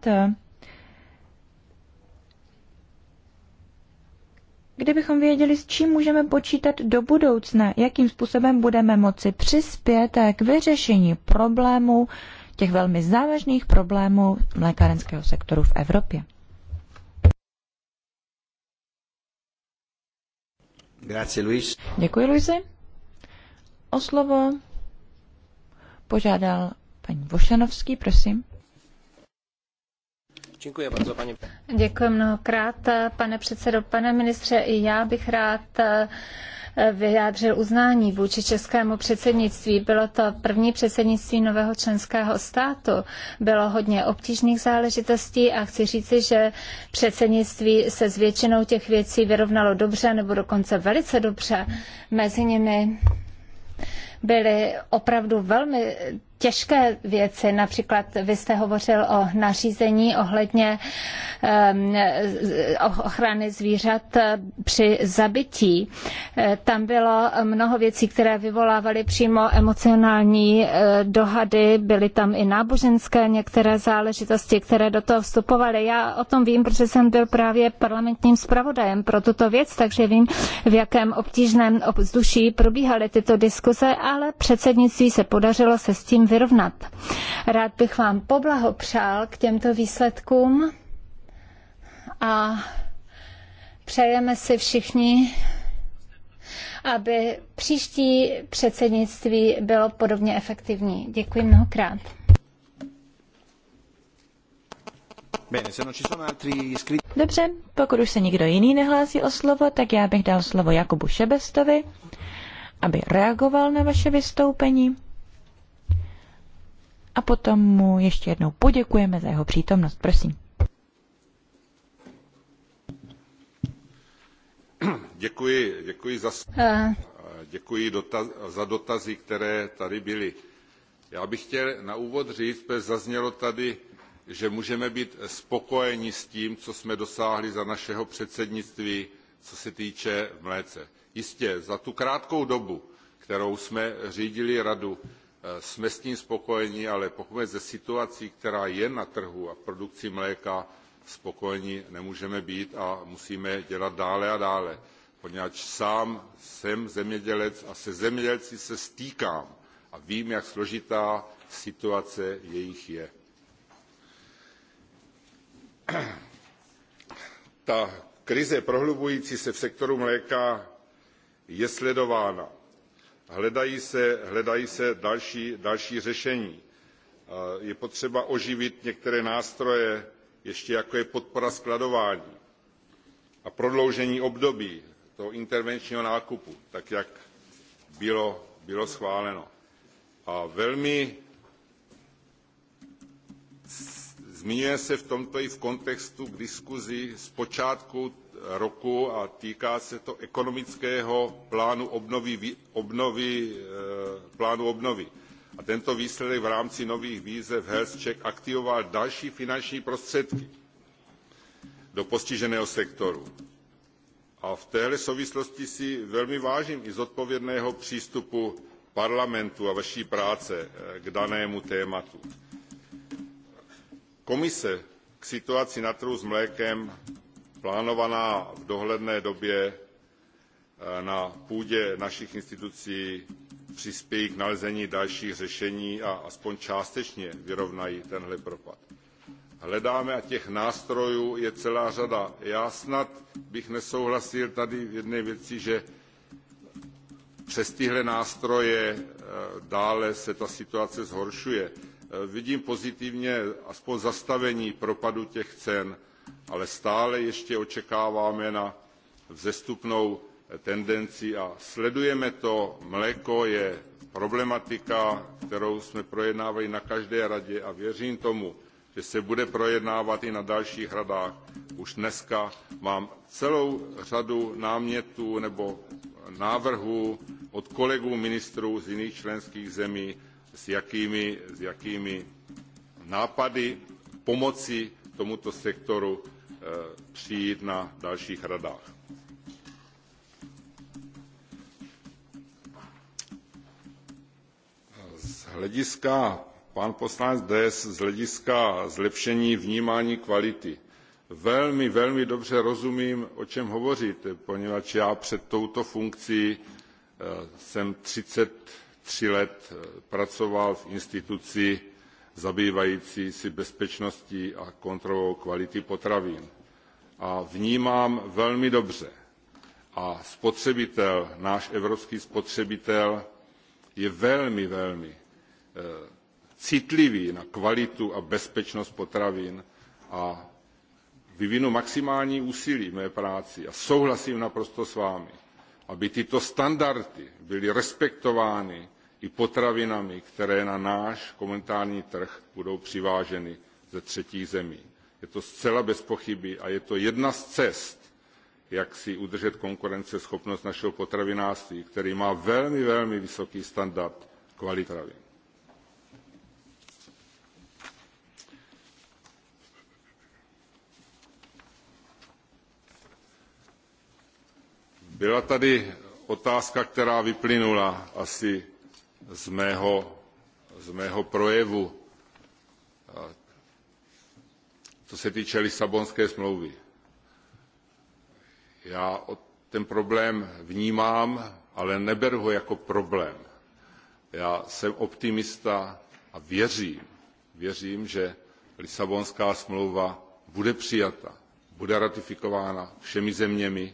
kdybychom věděli, s čím můžeme počítat do budoucna, jakým způsobem budeme moci přispět k vyřešení problémů, těch velmi závažných problémů lékárenského sektoru v Evropě. Grazie, Luis. Děkuji, Luisi. O slovo požádal paní Vošanovský, prosím. Děkuji, bardzo, paní. Děkuji mnohokrát, pane předsedo. Pane ministře, i já bych rád eh, vyjádřil uznání vůči českému předsednictví. Bylo to první předsednictví nového členského státu. Bylo hodně obtížných záležitostí a chci říci, že předsednictví se s většinou těch věcí vyrovnalo dobře nebo dokonce velice dobře. Mezi nimi byly opravdu velmi těžké věci. Například vy jste hovořil o nařízení ohledně ehm, ochrany zvířat eh, při zabití. Eh, tam bylo mnoho věcí, které vyvolávaly přímo emocionální eh, dohady, byly tam i náboženské některé záležitosti, které do toho vstupovaly. Já o tom vím, protože jsem byl právě parlamentním zpravodajem pro tuto věc, takže vím, v jakém obtížném obzduší probíhaly tyto diskuze, ale předsednictví se podařilo se s tím vyrovnat. Rád bych vám poblahopřál k těmto výsledkům a přejeme si všichni, aby příští předsednictví bylo podobně efektivní. Děkuji mnohokrát. Dobře, pokud už se nikdo jiný nehlásí o slovo, tak já bych dal slovo Jakubu Šebestovi, aby reagoval na vaše vystoupení a potom mu ještě jednou poděkujeme za jeho přítomnost. Prosím. Děkuji, děkuji, za, eh. děkuji dotaz, za dotazy, které tady byly. Já bych chtěl na úvod říct, že zaznělo tady, že můžeme být spokojeni s tím, co jsme dosáhli za našeho předsednictví, co se týče mléce. Jistě, za tu krátkou dobu, kterou jsme řídili radu, Eh, jsme s tím spokojeni ale pokud se situací která je na trhu a v produkci mléka spokojeni nemůžeme být a musíme dělat dále a dále poněvadž sám jsem zemědělec a se zemědělci se stýkám a vím jak složitá situace jejich je. [CLEARS THROAT] ta krize prohlubující se v sektoru mléka je sledována hledají se, další, řešení. je potřeba oživit některé nástroje ještě jako je podpora skladování a prodloužení období toho intervenčního nákupu tak jak bylo, bylo schváleno. a velmi zmiňuje se v tomto i v kontextu k diskusi z počátku roku a týká se to ekonomického plánu obnovy, eh, plánu obnovy. A tento výsledek v rámci nových výzev Health Check aktivoval další finanční prostředky do postiženého sektoru. A v této souvislosti si velmi vážím i zodpovědného přístupu parlamentu a vaší práce eh, k danému tématu. Komise k situaci na trhu s mlékem plánovaná v dohledné době eh, na půdě našich institucí přispějí k nalezení dalších řešení a aspoň částečně vyrovnají tenhle propad. Hledáme a těch nástrojů je celá řada. Já snad bych nesouhlasil tady v jedné věci, že přes tyhle nástroje eh, dále se ta situace zhoršuje. Eh, vidím pozitivně aspoň zastavení propadu těch cen ale stále ještě očekáváme na vzestupnou tendenci a sledujeme to mléko je problematika kterou jsme projednávali na každé radě a věřím tomu že se bude projednávat i na dalších radách. už dnes mám celou řadu námětů nebo návrhů od kolegů ministrů z jiných členských zemí s jakými, s jakými nápady pomoci tomuto sektoru Eh, přijít na dalších radách. Z hlediska, pan poslanec Des, z hlediska zlepšení vnímání kvality. Velmi, velmi dobře rozumím, o čem hovoříte, poněvadž já před touto funkcí eh, jsem 33 let eh, pracoval v instituci zabývající se bezpečností a kontrolou kvality potravin a vnímám velmi dobře. A spotřebitel, náš evropský spotřebitel, je velmi, velmi eh, citlivý na kvalitu a bezpečnost potravin a vyvinu maximální úsilí v mé práci a souhlasím naprosto s vámi, aby tyto standardy byly respektovány i potravinami, které na náš komunitární trh budou přiváženy ze třetích zemí je to zcela bez pochyby a je to jedna z cest, jak si udržet konkurenceschopnost našeho potravinářství, který má velmi, velmi vysoký standard kvality potravin. Byla tady otázka, která vyplynula asi z mého, z mého projevu co se týče Lisabonské smlouvy. Já ten problém vnímám, ale neberu ho jako problém. Já jsem optimista a věřím, věřím, že Lisabonská smlouva bude přijata, bude ratifikována všemi zeměmi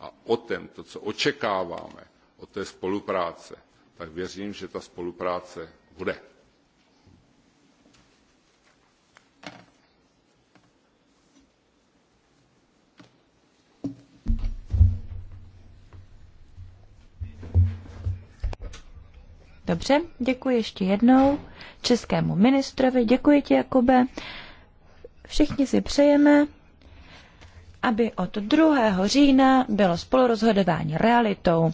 a o tom, to, co očekáváme, od té spolupráce, tak věřím, že ta spolupráce bude. Dobře, děkuji ještě jednou českému ministrovi, děkuji ti, Jakube. Všichni si přejeme, aby od 2. října bylo spolurozhodování realitou.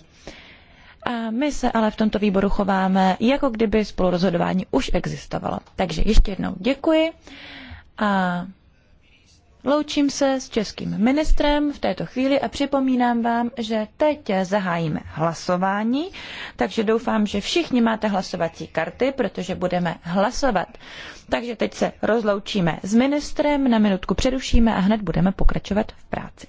A my se ale v tomto výboru chováme, jako kdyby spolurozhodování už existovalo. Takže ještě jednou děkuji a Loučím se s českým ministrem v této chvíli a připomínám vám, že teď zahájíme hlasování, takže doufám, že všichni máte hlasovací karty, protože budeme hlasovat. Takže teď se rozloučíme s ministrem, na minutku přerušíme a hned budeme pokračovat v práci.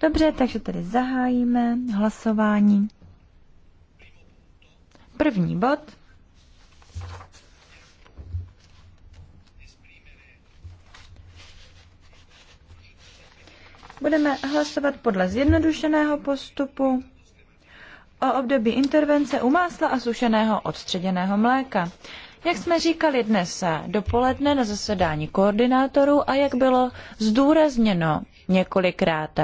Dobře, takže tedy zahájíme hlasování. První bod. Budeme hlasovat podle zjednodušeného postupu o období intervence u másla a sušeného odstředěného mléka. Jak jsme říkali dnes dopoledne na zasedání koordinátorů a jak bylo zdůrazněno několikrát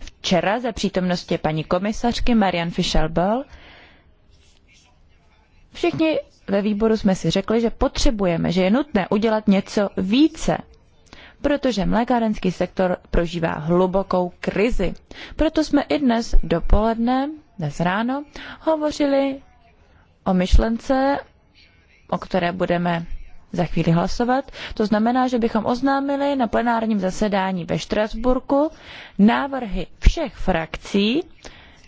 včera za přítomnosti paní komisařky Marian Fischelbel, všichni ve výboru jsme si řekli, že potřebujeme, že je nutné udělat něco více protože mlékárenský sektor prožívá hlubokou krizi. Proto jsme i dnes dopoledne, dnes ráno, hovořili o myšlence o které budeme za chvíli hlasovat. To znamená, že bychom oznámili na plenárním zasedání ve Štrasburku návrhy všech frakcí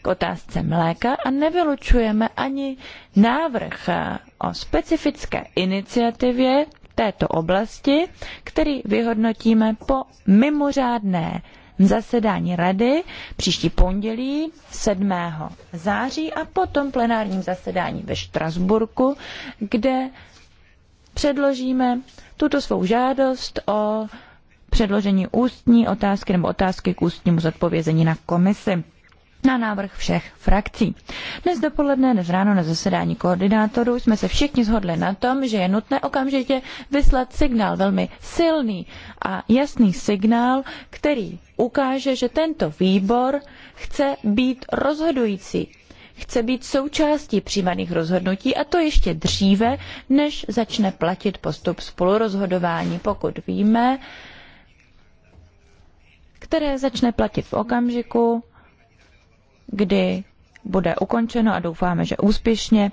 k otázce mléka a nevylučujeme ani návrh o specifické iniciativě této oblasti, který vyhodnotíme po mimořádné zasedání rady příští pondělí 7. září a potom plenárním zasedání ve Štrasburku, kde předložíme tuto svou žádost o předložení ústní otázky nebo otázky k ústnímu zodpovězení na komisi na návrh všech frakcí. Dnes dopoledne, dnes ráno na zasedání koordinátorů jsme se všichni zhodli na tom, že je nutné okamžitě vyslat signál, velmi silný a jasný signál, který ukáže, že tento výbor chce být rozhodující, chce být součástí přijímaných rozhodnutí a to ještě dříve, než začne platit postup spolurozhodování, pokud víme, které začne platit v okamžiku, kdy bude ukončeno a doufáme, že úspěšně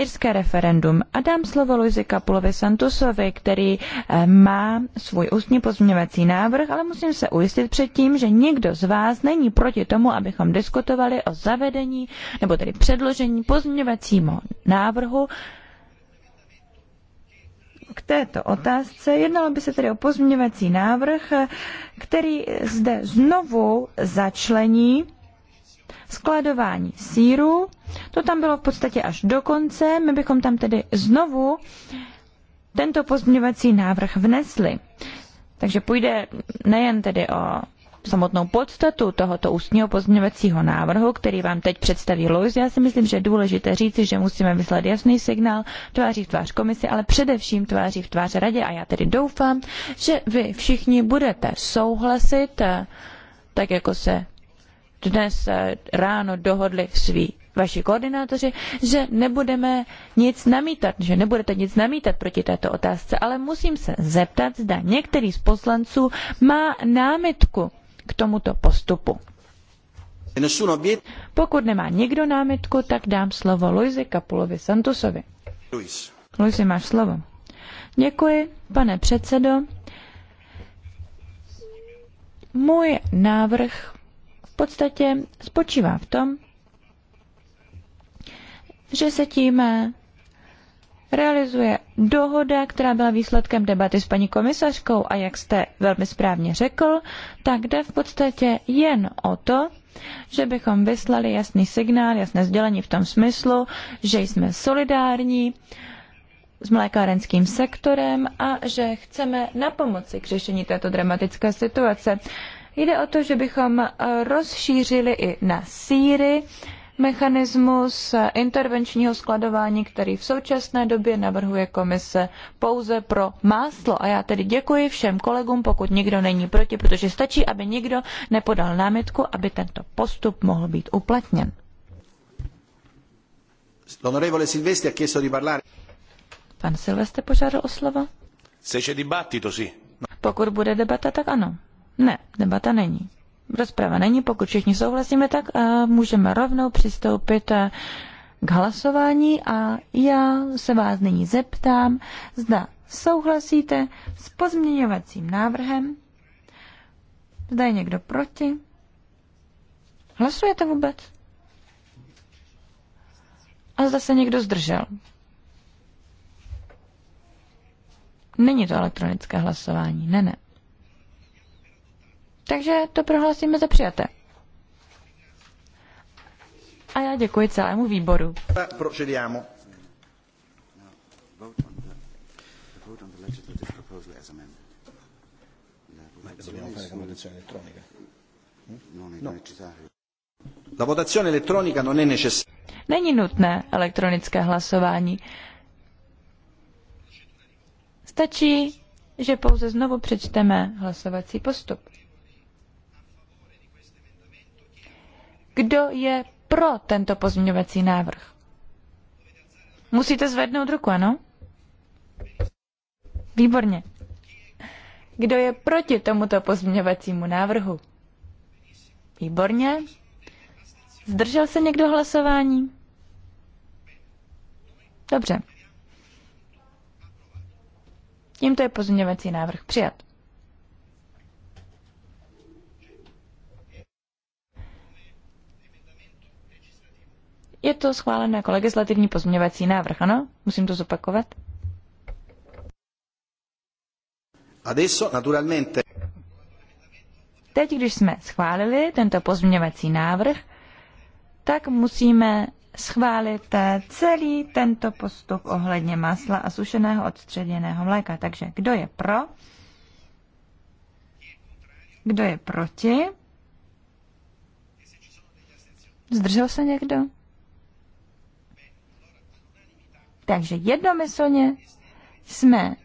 irské referendum. A dám slovo Luizi Kapulovi Santusovi, který eh, má svůj ústní pozměňovací návrh, ale musím se ujistit předtím, že nikdo z vás není proti tomu, abychom diskutovali o zavedení nebo tedy předložení pozměňovacímu návrhu k této otázce. Jednalo by se tedy o pozměňovací návrh, eh, který zde znovu začlení skladování síru. To tam bylo v podstatě až do konce. My bychom tam tedy znovu tento pozměňovací návrh vnesli. Takže půjde nejen tedy o samotnou podstatu tohoto ústního pozměňovacího návrhu, který vám teď představí Louise, já si myslím, že je důležité říci, že musíme vyslat jasný signál tváří v tvář komisi, ale především tváří v tvář radě a já tedy doufám, že vy všichni budete souhlasit, eh, tak jako se dnes eh, ráno dohodli svý vaši koordinátoři, že nebudeme nic namítat, že nebudete nic namítat proti této otázce, ale musím se zeptat, zda některý z poslanců má námitku k tomuto postupu. Pokud nemá nikdo námitku, tak dám slovo Luizi Kapulovi Santusovi. Luizi, máš slovo. Děkuji, pane předsedo. Můj návrh podstatě spočívá v tom, že se tím eh, realizuje dohoda, která byla výsledkem debaty s paní komisařkou a jak jste velmi správně řekl, tak jde v podstatě jen o to, že bychom vyslali jasný signál, jasné sdělení v tom smyslu, že jsme solidární s mlékárenským sektorem a že chceme na pomoci k řešení této dramatické situace. Jde o to, že bychom eh, rozšířili i na síry mechanismus eh, intervenčního skladování, který v současné době navrhuje komise pouze pro máslo. A já tedy děkuji všem kolegům, pokud nikdo není proti, protože stačí, aby nikdo nepodal námitku, aby tento postup mohl být uplatněn. Silvestri ha chiesto di parlare. Pan Silvestre požádal o slovo? dibattito, Pokud bude debata, tak ano. Ne, debata není. Rozprava není, pokud všichni souhlasíme, tak eh, můžeme rovnou přistoupit eh, k hlasování a já se vás nyní zeptám, zda souhlasíte s pozměňovacím návrhem, zda je někdo proti. Hlasujete vůbec? A zda se někdo zdržel. Není to elektronické hlasování, ne, ne. Takže to prohlásíme za přijaté. A já děkuji celému výboru. Procediamo. No. Není nutné elektronické hlasování. Stačí, že pouze znovu přečteme hlasovací postup. Kdo je pro tento pozměňovací návrh? Musíte zvednout ruku, ano? Výborně. Kdo je proti tomuto pozměňovacímu návrhu? Výborně. Zdržel se někdo hlasování? Dobře. Tímto je pozměňovací návrh přijat. Je to schválené jako legislativní pozměňovací návrh, ano? Musím to zopakovat. Adesso, naturalmente. Teď, když jsme schválili tento pozměňovací návrh, tak musíme schválit celý tento postup ohledně masla a sušeného odstředěného mléka. Takže kdo je pro? Kdo je proti? Zdržel se někdo? Takže jednomyslně jsme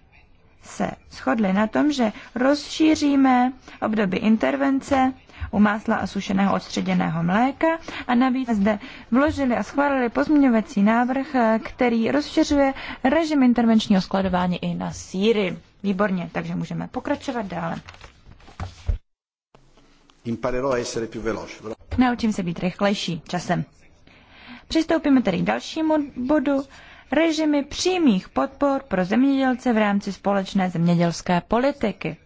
se shodli na tom, že rozšíříme období intervence u másla a sušeného odstředěného mléka a navíc zde vložili a schválili pozměňovací návrh, který rozšiřuje režim intervenčního skladování i na síry. Výborně, takže můžeme pokračovat dále. Naučím se být rychlejší časem. Přistoupíme tedy k dalšímu bodu režimy přímých podpor pro zemědělce v rámci společné zemědělské politiky.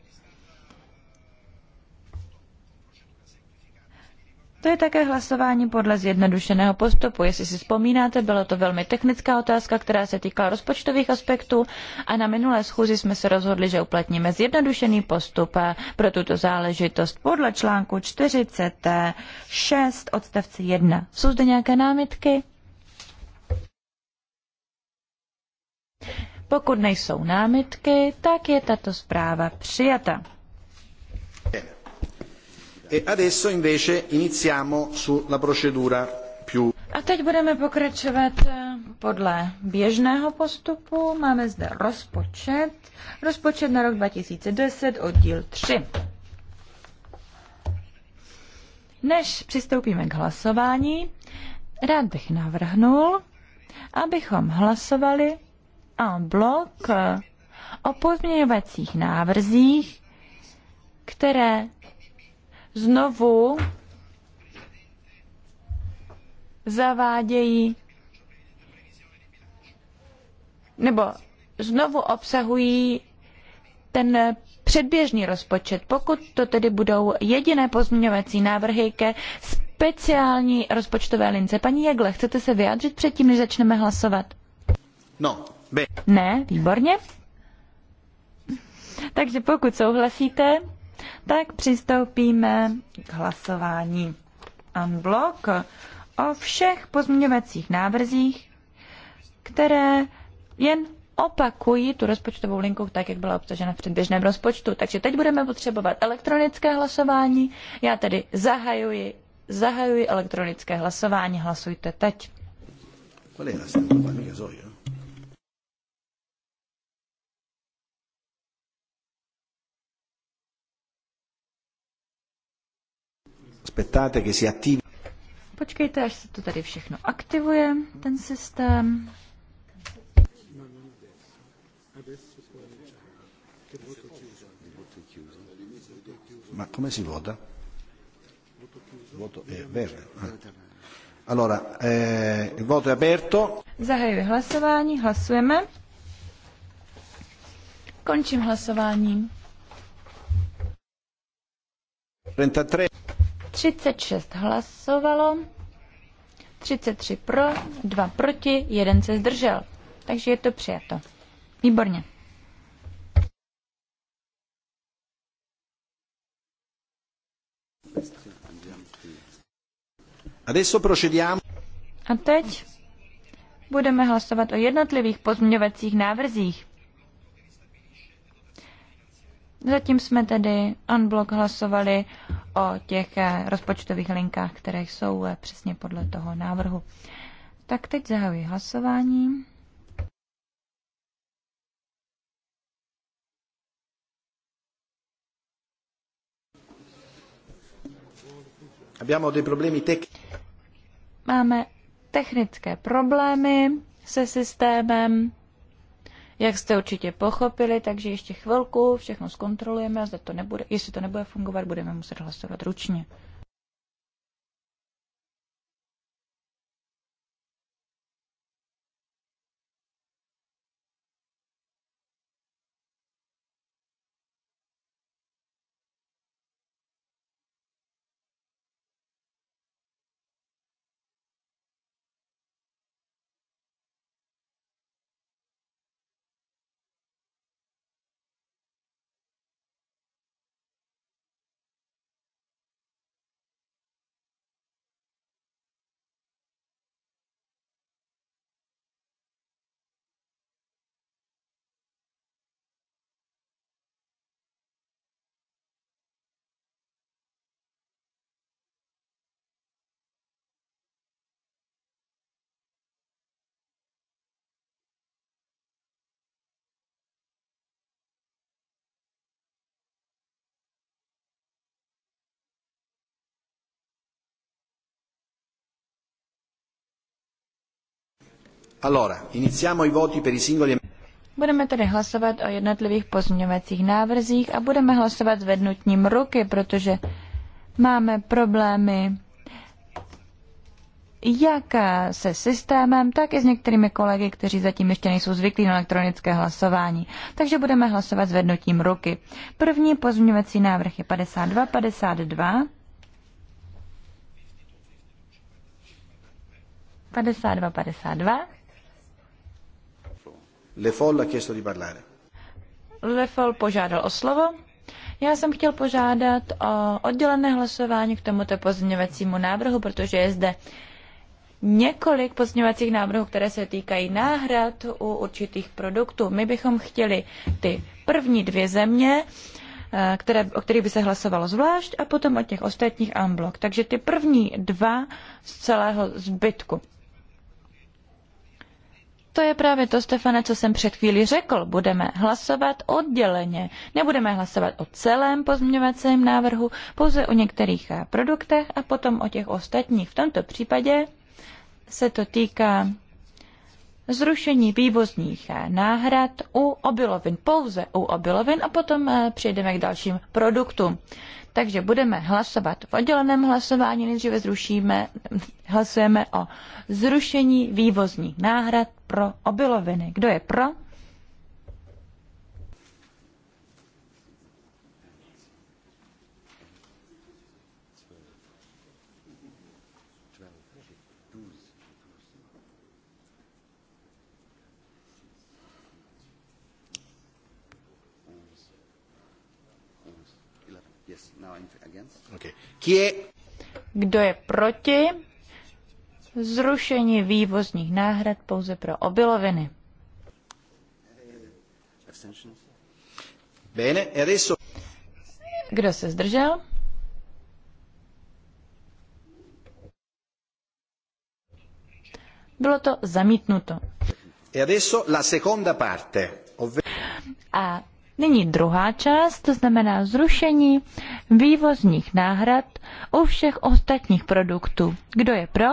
To je také hlasování podle zjednodušeného postupu. Jestli si vzpomínáte, byla to velmi technická otázka, která se týkala rozpočtových aspektů a na minulé schůzi jsme se rozhodli, že uplatníme zjednodušený postup pro tuto záležitost podle článku 46 odstavce 1. Jsou zde nějaké námitky? Pokud nejsou námitky, tak je tato zpráva přijata. E A teď budeme pokračovat eh, podle běžného postupu. Máme zde rozpočet. Rozpočet na rok 2010, oddíl 3. Než přistoupíme k hlasování, rád bych navrhnul, abychom hlasovali en bloc o pozměňovacích návrzích, které znovu zavádějí nebo znovu obsahují ten předběžný rozpočet, pokud to tedy budou jediné pozměňovací návrhy ke speciální rozpočtové lince. Paní Jegle, chcete se vyjádřit předtím, než začneme hlasovat? No, ne, výborně. Takže pokud souhlasíte, tak přistoupíme k hlasování unblock o všech pozměňovacích návrzích, které jen opakují tu rozpočtovou linku tak, jak byla obsažena v předběžném rozpočtu. Takže teď budeme potřebovat elektronické hlasování. Já tedy zahajuji, zahajuji elektronické hlasování. Hlasujte teď. Kolik era Aspettate che si attivi. Počkejte, až se to tady všechno aktivuje, ten systém. Ma come si vota? Voto è eh, verde. Ah. Allora, eh, il voto è aperto. Zahajuji hlasování, hlasujeme. Končím hlasování. 33. 36 hlasovalo, 33 pro, 2 proti, 1 se zdržel. Takže je to přijato. Výborně. A teď budeme hlasovat o jednotlivých pozměňovacích návrzích. Zatím jsme tedy unblock hlasovali o těch eh, rozpočtových linkách, které jsou eh, přesně podle toho návrhu. Tak teď zahajuji hlasování. Máme technické problémy se systémem. Jak jste určitě pochopili, takže ještě chvilku všechno zkontrolujeme a zda to nebude, jestli to nebude fungovat, budeme muset hlasovat ručně. Allora, iniziamo i voti per i singoli... Budeme tedy hlasovat o jednotlivých pozměňovacích návrzích a budeme hlasovat zvednutím ruky, protože máme problémy jak se systémem, tak i s některými kolegy, kteří zatím ještě nejsou zvyklí na elektronické hlasování. Takže budeme hlasovat zvednutím ruky. První pozměňovací návrh je 52, 52. 52, 52. Le Foll ha chiesto di parlare. Le Foll požádal o slovo. Já jsem chtěl požádat o oddělené hlasování k tomuto pozměňovacímu návrhu, protože je zde několik pozměňovacích návrhů, které se týkají náhrad u určitých produktů. My bychom chtěli ty první dvě země, eh, které, o kterých by se hlasovalo zvlášť, a potom o těch ostatních unblock. Takže ty první dva z celého zbytku to je právě to, Stefane, co jsem před chvíli řekl. Budeme hlasovat odděleně. Nebudeme hlasovat o celém pozměňovacím návrhu, pouze o některých produktech a potom o těch ostatních. V tomto případě se to týká zrušení vývozních náhrad u obilovin, pouze u obilovin a potom eh, přejdeme k dalším produktům. Takže budeme hlasovat v odděleném hlasování. Nejdříve zrušíme, hlasujeme o zrušení vývozních náhrad pro obiloviny. Kdo je pro? Kdo je proti? Zrušení vývozních náhrad pouze pro obiloviny. E Kdo se zdržel? Bylo to zamítnuto. E A Nyní druhá část, to znamená zrušení vývozních náhrad u všech ostatních produktů. Kdo je pro?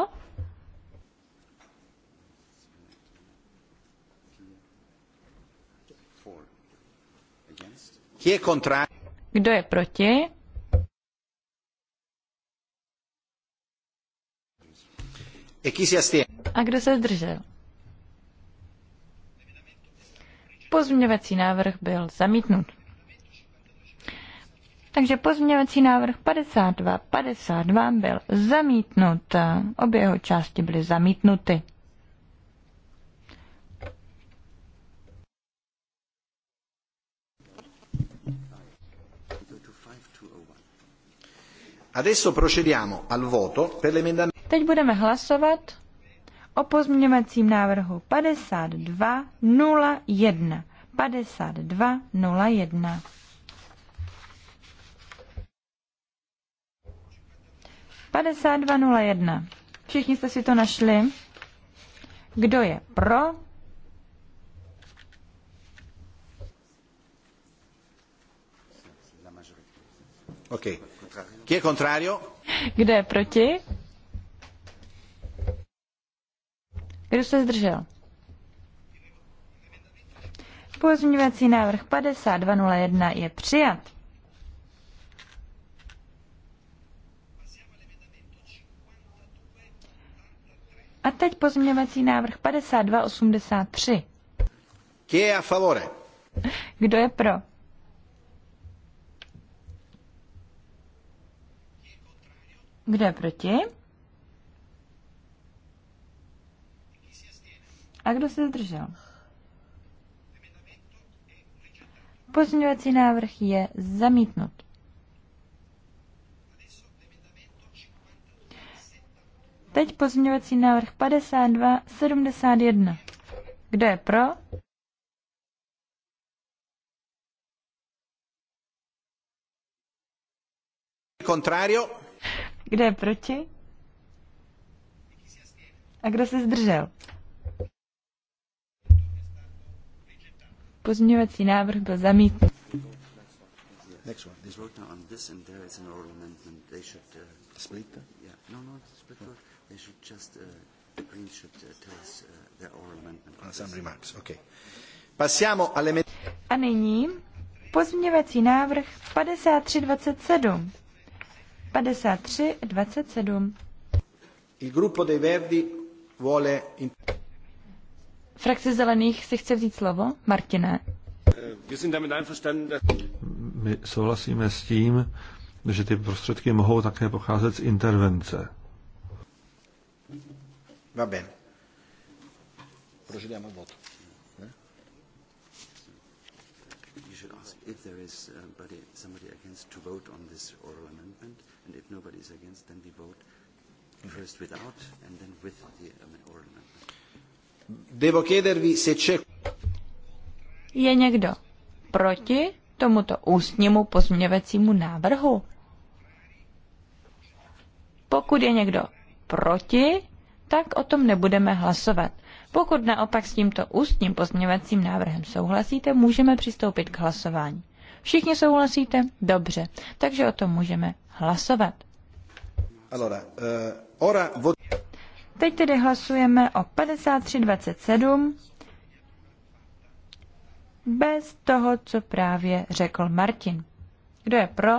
Kdo je proti? A kdo se zdržel? Pozměňovací návrh byl zamítnut. Takže pozměňovací návrh 52, 52 byl zamítnut. Obě jeho části byly zamítnuty. Teď budeme hlasovat o pozměňovacím návrhu 5201. 5201. jedna. Všichni jste si to našli. Kdo je pro? Okay. Kdo je proti? Kdo se zdržel? Pozměňovací návrh 5201 je přijat. A teď pozměňovací návrh 5283. Kdo je pro? Kdo je proti? A kdo se zdržel? Pozměňovací návrh je zamítnut. Teď pozměňovací návrh 5271. Kdo je pro? Contrario. Kdo je proti? A kdo se zdržel? Pozměňovací návrh byl zamítnut. A nyní pozměňovací návrh 5327. 5327. Il gruppo dei Verdi vuole Frakce zelených si chce vzít slovo. Martine. My souhlasíme s tím, že ty prostředky mohou také pocházet z intervence. Va bene. Procediamo first without and then with the um, oral amendment. Je někdo proti tomuto ústnímu pozměvacímu návrhu? Pokud je někdo proti, tak o tom nebudeme hlasovat. Pokud naopak s tímto ústním pozměvacím návrhem souhlasíte, můžeme přistoupit k hlasování. Všichni souhlasíte? Dobře, takže o tom můžeme hlasovat. Allora, uh, ora, vo... Teď tedy hlasujeme o 5327 bez toho, co právě řekl Martin. Kdo je pro?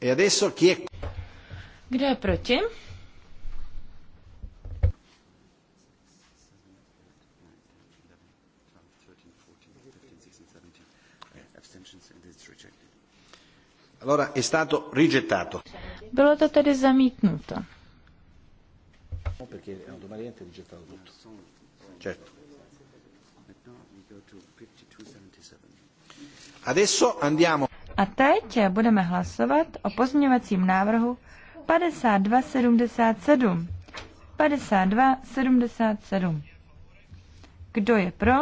E adesso chi è kdo je proti? stato Bylo to tedy zamítnuto. Perché rigettato tutto. Certo. Adesso andiamo. A teď budeme hlasovat o pozměňovacím návrhu 5277. 5277. Kdo je pro?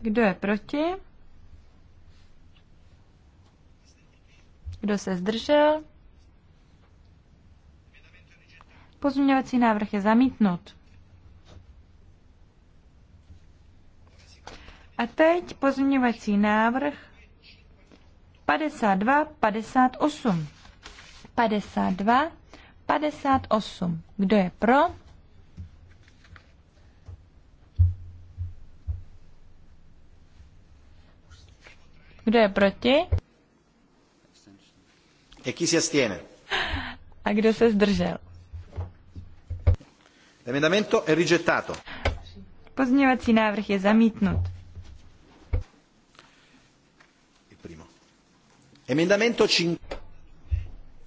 Kdo je proti? Kdo se zdržel? Pozměňovací návrh je zamítnut. A teď pozměňovací návrh 52, 58. 52, 58. Kdo je pro? Kdo je proti? Jaký se stěne? A kdo se zdržel? L'emendamento è rigettato. Pozměňovací návrh je zamítnut.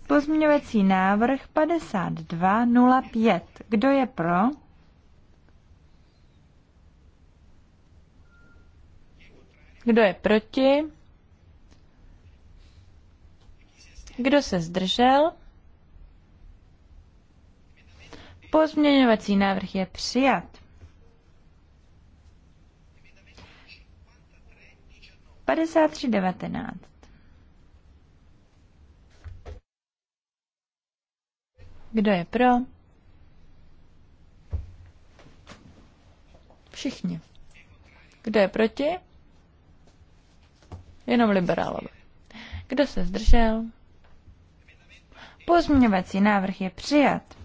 Pozměňovací návrh 5205. Kdo je pro? Kdo je proti? Kdo se zdržel? Pozměňovací návrh je přijat. 53.19. Kdo je pro? Všichni. Kdo je proti? Jenom liberálové. Kdo se zdržel? Pozměňovací návrh je přijat.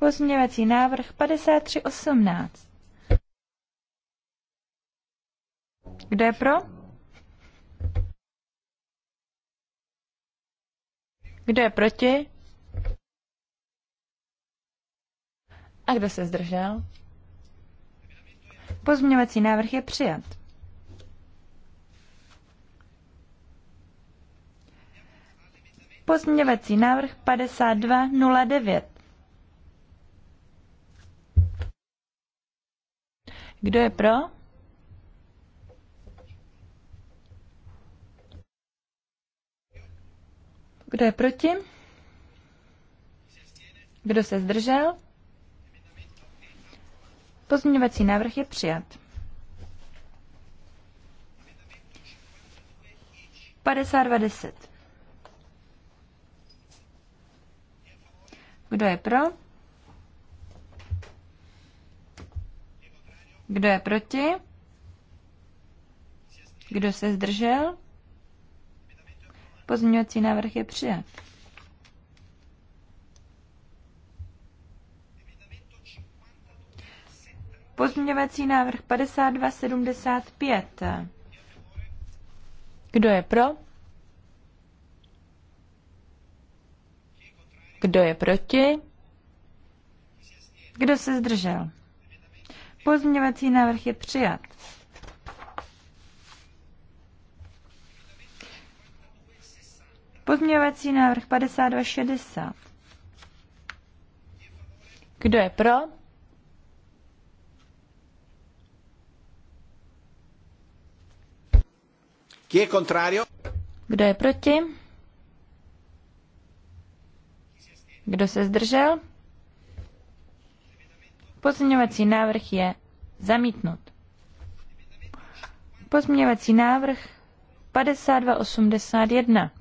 Pozměňovací návrh 5318. Kdo je pro? Kdo je proti? A kdo se zdržel? Pozměňovací návrh je přijat. Pozměňovací návrh 5209. Kdo je pro? Kdo je proti? Kdo se zdržel? Pozměňovací návrh je přijat. 5020. Kdo je pro? Kdo je proti? Kdo se zdržel? Pozměňovací návrh je přijat. Pozměňovací návrh 5275. Kdo je pro? Kdo je proti? Kdo se zdržel? Pozměňovací návrh je přijat. Pozměňovací návrh 5260. Kdo je pro? Kdo je proti? Kdo se zdržel? Pozměňovací návrh je zamítnut. Pozměňovací návrh 5281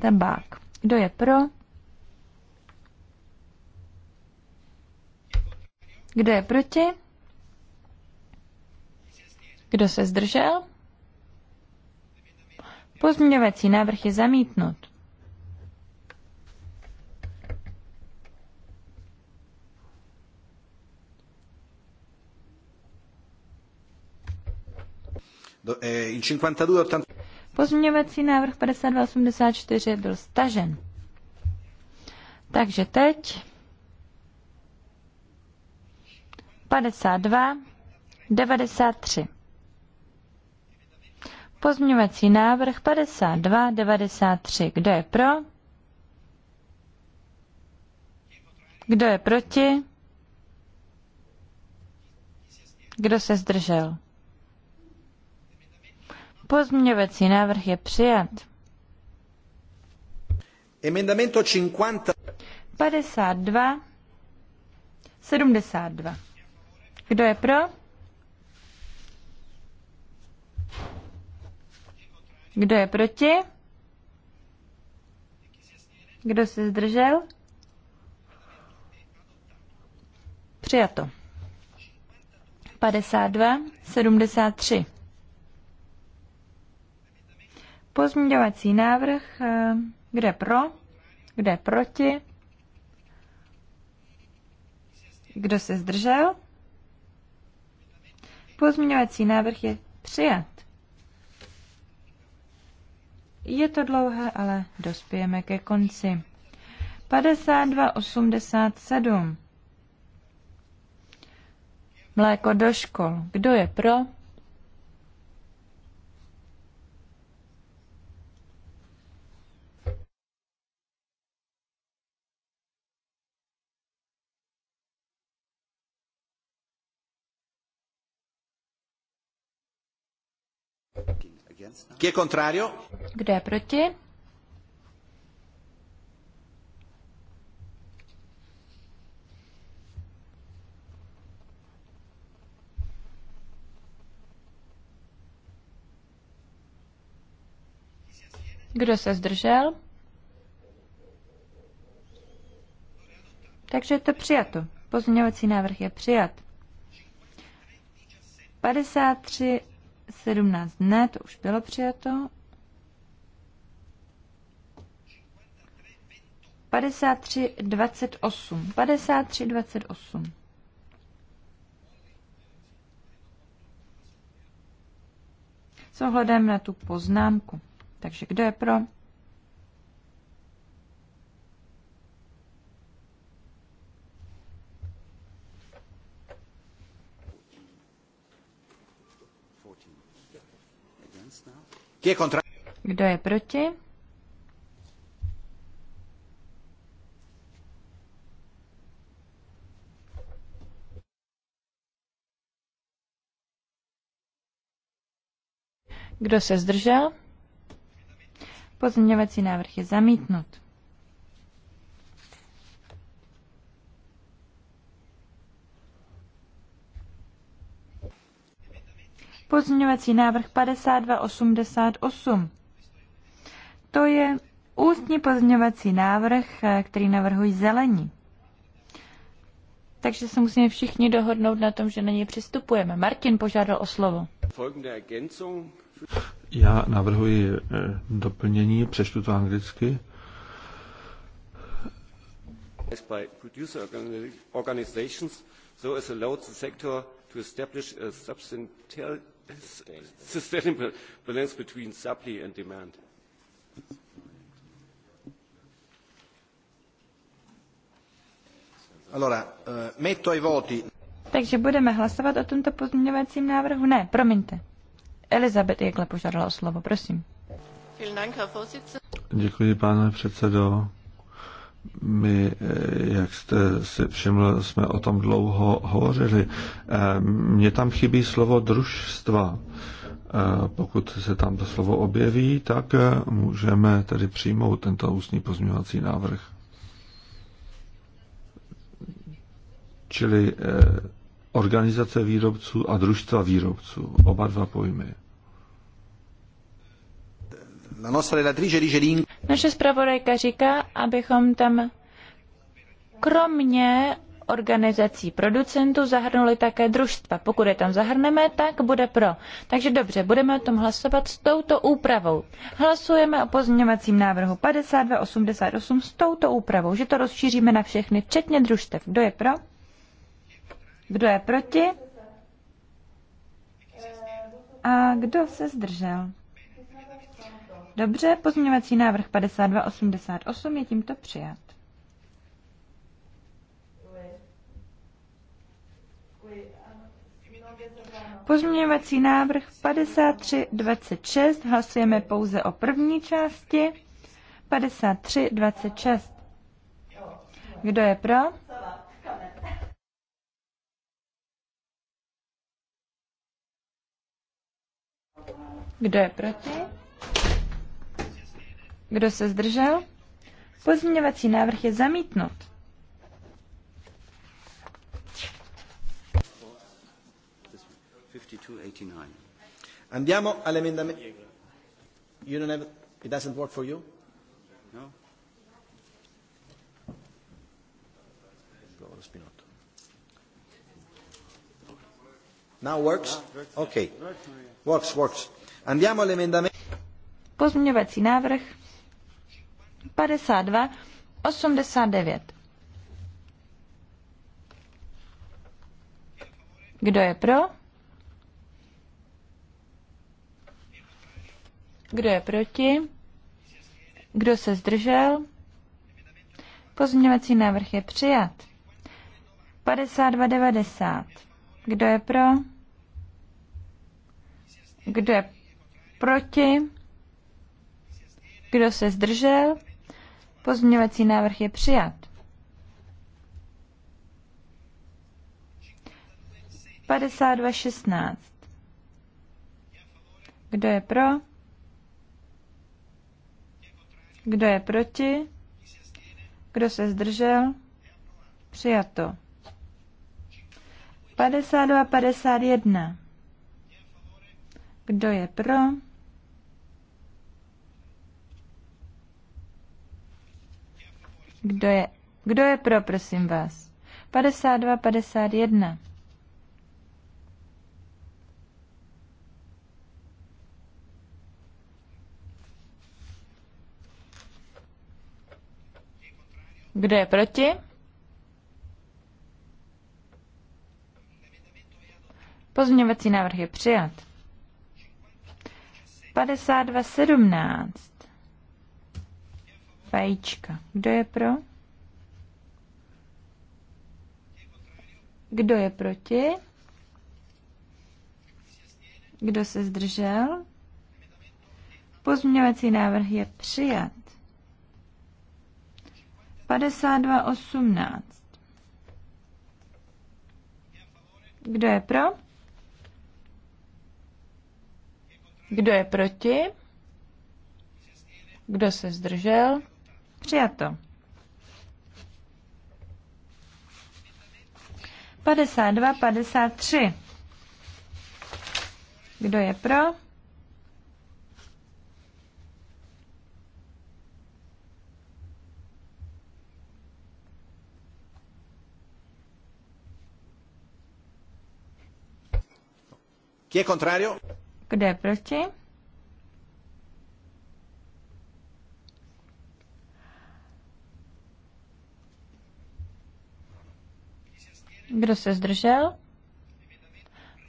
tabák. Kdo je pro? Kdo je proti? Kdo se zdržel? Pozměňovací návrh je zamítnut. Do, eh, in 52, 80... Pozměňovací návrh 5284 byl stažen. Takže teď 52 93. Pozměňovací návrh 52 93. Kdo je pro? Kdo je proti? Kdo se zdržel? Pozměňovací návrh je přijat. 50. 52. 72. Kdo je pro? Kdo je proti? Kdo se zdržel? Přijato. 52, 73. Pozměňovací návrh, eh, kde pro, kde proti, kdo se zdržel. Pozměňovací návrh je přijat. Je to dlouhé, ale dospějeme ke konci. 52,87 Mléko do škol. Kdo je pro? Kdo je proti? Kdo se zdržel? Takže je to přijato. Pozměňovací návrh je přijat. 53 17 ne, to už bylo přijato. 53, 28. 53, 28. Co na tu poznámku. Takže kdo je pro? Kdo je proti? Kdo se zdržel? Pozměňovací návrh je zamítnut. Pozměňovací návrh 5288. To je ústní pozměňovací návrh, který navrhují zelení. Takže se musíme všichni dohodnout na tom, že na něj přistupujeme. Martin požádal o slovo. Já navrhuji eh, doplnění, přečtu to anglicky. By producer organizations, so as allowed the sector to establish a substantial sustainable balance between supply and demand. Allora, uh, metto ai voti. Takže budeme hlasovat o tomto pozměňovacím návrhu? Ne, promiňte. Elizabeth Jekle požádala o slovo, prosím. Děkuji, pane předsedo my, eh, jak jste si všiml, jsme o tom dlouho hovořili. Eh, mně tam chybí slovo družstva. Eh, pokud se tam to slovo objeví, tak můžeme tedy přijmout tento ústní pozměňovací návrh. Čili organizace výrobců a družstva výrobců. Oba dva pojmy. La nostra relatrice dice link naše zpravodajka říká, abychom tam kromě organizací producentů zahrnuli také družstva. Pokud je tam zahrneme, tak bude pro. Takže dobře, budeme o tom hlasovat s touto úpravou. Hlasujeme o pozměňovacím návrhu 5288 s touto úpravou, že to rozšíříme na všechny, včetně družstev. Kdo je pro? Kdo je proti? A kdo se zdržel? Dobře, pozměňovací návrh 5288 je tímto přijat. Pozměňovací návrh 5326, hlasujeme pouze o první části. 5326. Kdo je pro? Kdo je proti? Kdo se zdržel? Pozměňovací návrh je zamítnut. Andiamo all'emendamento. You don't have it doesn't work for you? No. Now works? Okay. Works, works. Andiamo all'emendamento. Pozměňovací návrh 52 89. Kdo je pro? Kdo je proti? Kdo se zdržel? Pozměňovací návrh je přijat. 5290. Kdo je pro? Kdo je proti? Kdo se zdržel? Pozměňovací návrh je přijat. 52.16. Kdo je pro? Kdo je proti? Kdo se zdržel? Přijato. 52.51. Kdo je pro? Kdo je, kdo je pro, prosím vás? 52, 51. Kdo je proti? Pozměňovací návrh je přijat. 52, 17. Vajíčka. Kdo je pro? Kdo je proti? Kdo se zdržel? Pozměňovací návrh je přijat. 52.18. Kdo je pro? Kdo je proti? Kdo se zdržel? Přijato. 52, 53. Kdo je pro? Kdo je proti? Kdo se zdržel?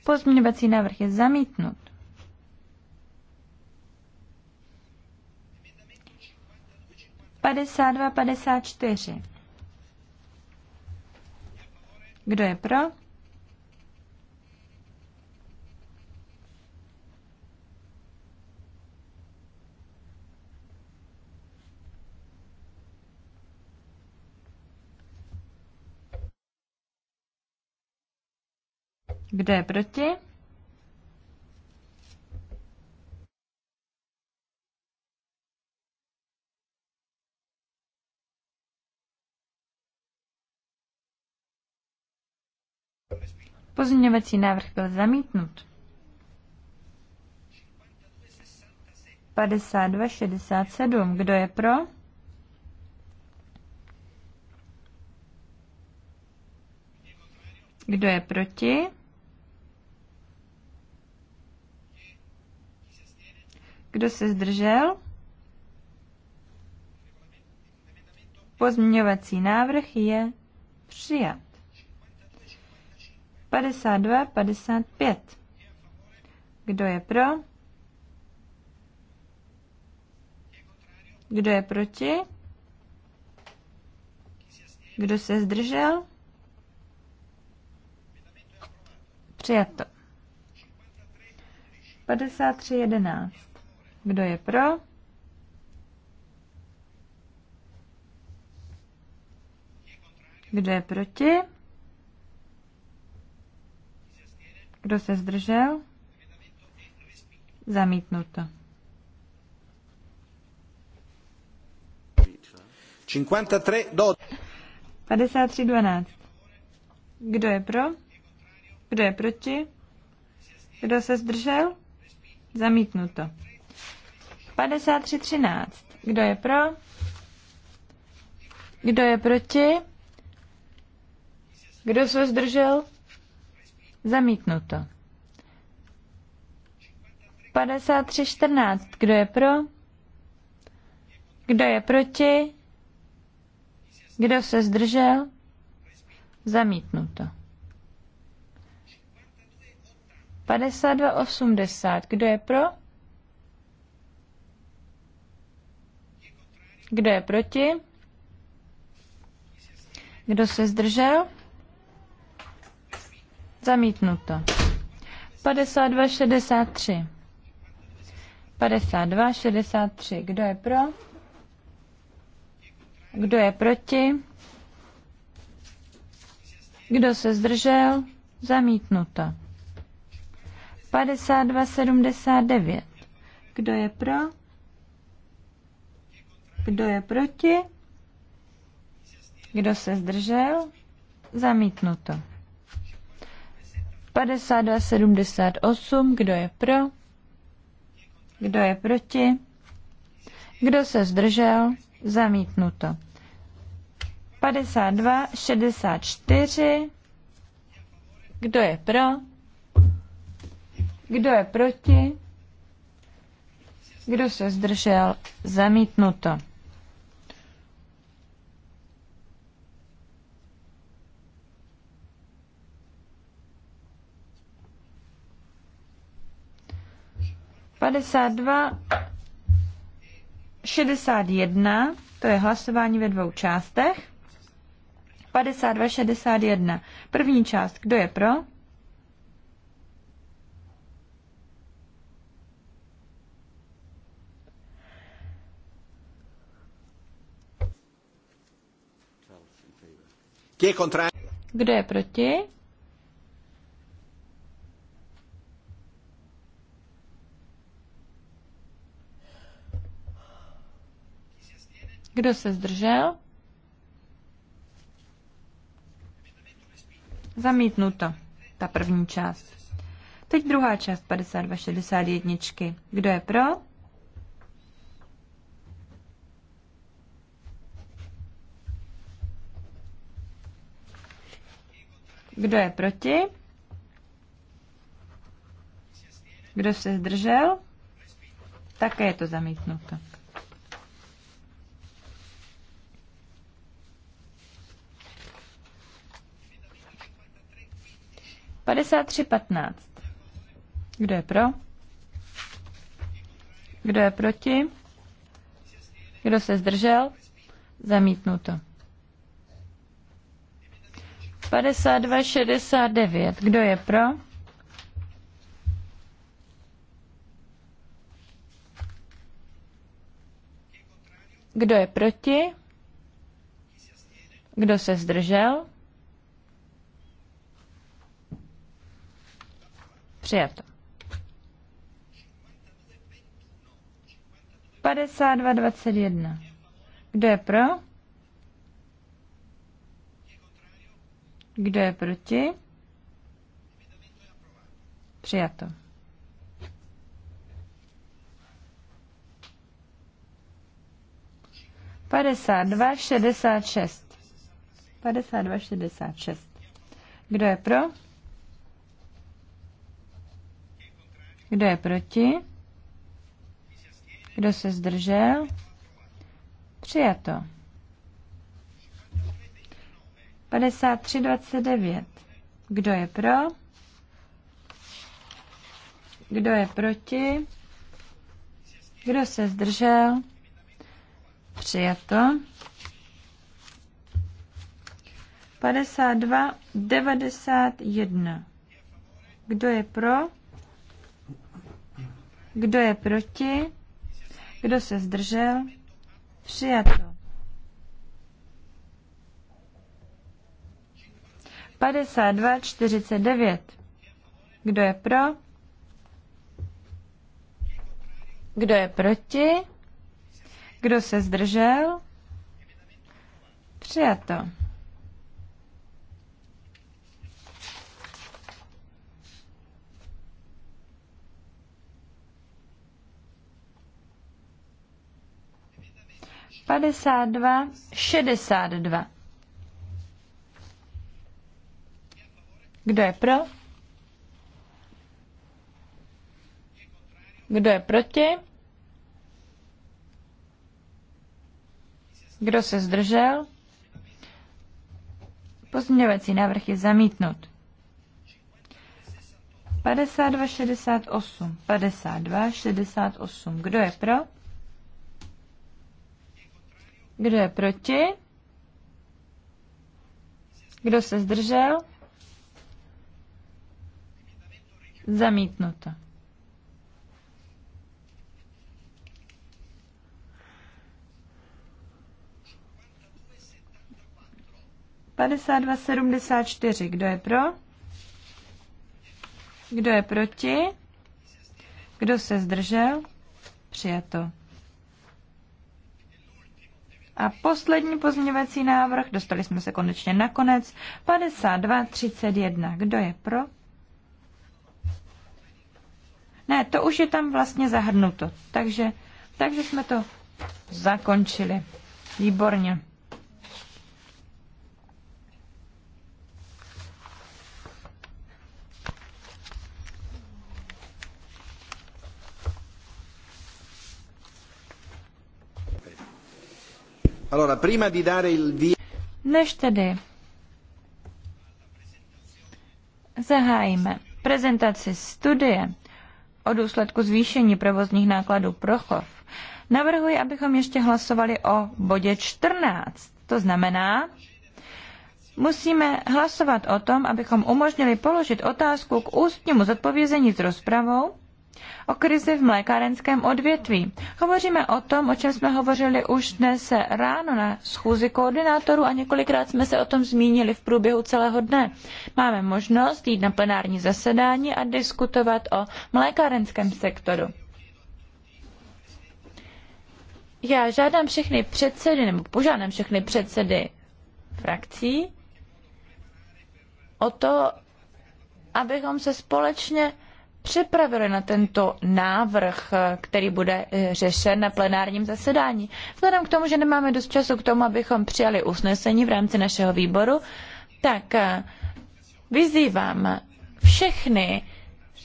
Pozměňovací návrh je zamítnut. Padesát dva, padesát čtyři. Kdo je pro? Kdo je proti? Pozměňovací návrh byl zamítnut. 5267. Kdo je pro? Kdo je proti? Kdo se zdržel? Pozměňovací návrh je přijat. 52, 55. Kdo je pro? Kdo je proti? Kdo se zdržel? Přijato. 53, 11. Kdo je pro? Kdo je proti? Kdo se zdržel? Zamítnuto. 53-12. Kdo je pro? Kdo je proti? Kdo se zdržel? Zamítnuto. 53.13. Kdo je pro? Kdo je proti? Kdo se zdržel? Zamítnuto. 53.14. Kdo je pro? Kdo je proti? Kdo se zdržel? Zamítnuto. 52.80. Kdo je pro? Kdo je proti? Kdo se zdržel? Zamítnuto. 52-63. 52-63. Kdo je pro? Kdo je proti? Kdo se zdržel? Zamítnuto. 52-79. Kdo je pro? Kdo je proti? Kdo se zdržel? Zamítnuto. 52,78. Kdo je pro? Kdo je proti? Kdo se zdržel? Zamítnuto. 52,64. Kdo je pro? Kdo je proti? Kdo se zdržel? Zamítnuto. 52, 61, to je hlasování ve dvou částech. 52, 61. První část, kdo je pro? Kdo je proti? Kdo se zdržel? Zamítnuto. Ta první část. Teď druhá část 5261. Kdo je pro? Kdo je proti? Kdo se zdržel? Také je to zamítnuto. 53.15. Kdo je pro? Kdo je proti? Kdo se zdržel? Zamítnuto. 52.69. Kdo je pro? Kdo je proti? Kdo se zdržel? Přijato. 52.21. Kdo je pro? Kdo je proti? Přijato. Padesát dva, šedesát šest. Padesát dva, šedesát šest. Kdo je pro? Kdo je proti? Kdo se zdržel? Přijato. 5329. Kdo je pro? Kdo je proti? Kdo se zdržel? Přijato. 5291. Kdo je pro? Kdo je proti? Kdo se zdržel? Přijato. 52, 49. Kdo je pro? Kdo je proti? Kdo se zdržel? Přijato. 52, 62. Kdo je pro? Kdo je proti? Kdo se zdržel? Pozměňovací návrh je zamítnut. 52, 68. 52, 68. Kdo je pro? Kdo je proti? Kdo se zdržel? Zamítnuto. Padesát dva čtyři. Kdo je pro? Kdo je proti? Kdo se zdržel? Přijato. A poslední pozměňovací návrh, dostali jsme se konečně na konec, 52.31. Kdo je pro? Ne, to už je tam vlastně zahrnuto. Takže, takže jsme to zakončili. Výborně. Než tedy zahájíme prezentaci studie o důsledku zvýšení provozních nákladů pro chov, navrhuji, abychom ještě hlasovali o bodě 14. To znamená, musíme hlasovat o tom, abychom umožnili položit otázku k ústnímu zodpovězení s rozpravou o krizi v mlékárenském odvětví. Hovoříme o tom, o čem jsme hovořili už dnes ráno na schůzi koordinátorů a několikrát jsme se o tom zmínili v průběhu celého dne. Máme možnost jít na plenární zasedání a diskutovat o mlékárenském sektoru. Já žádám všechny předsedy, nebo požádám všechny předsedy frakcí o to, abychom se společně připravili na tento návrh, který bude eh, řešen na plenárním zasedání. Vzhledem k tomu, že nemáme dost času k tomu, abychom přijali usnesení v rámci našeho výboru, tak eh, vyzývám všechny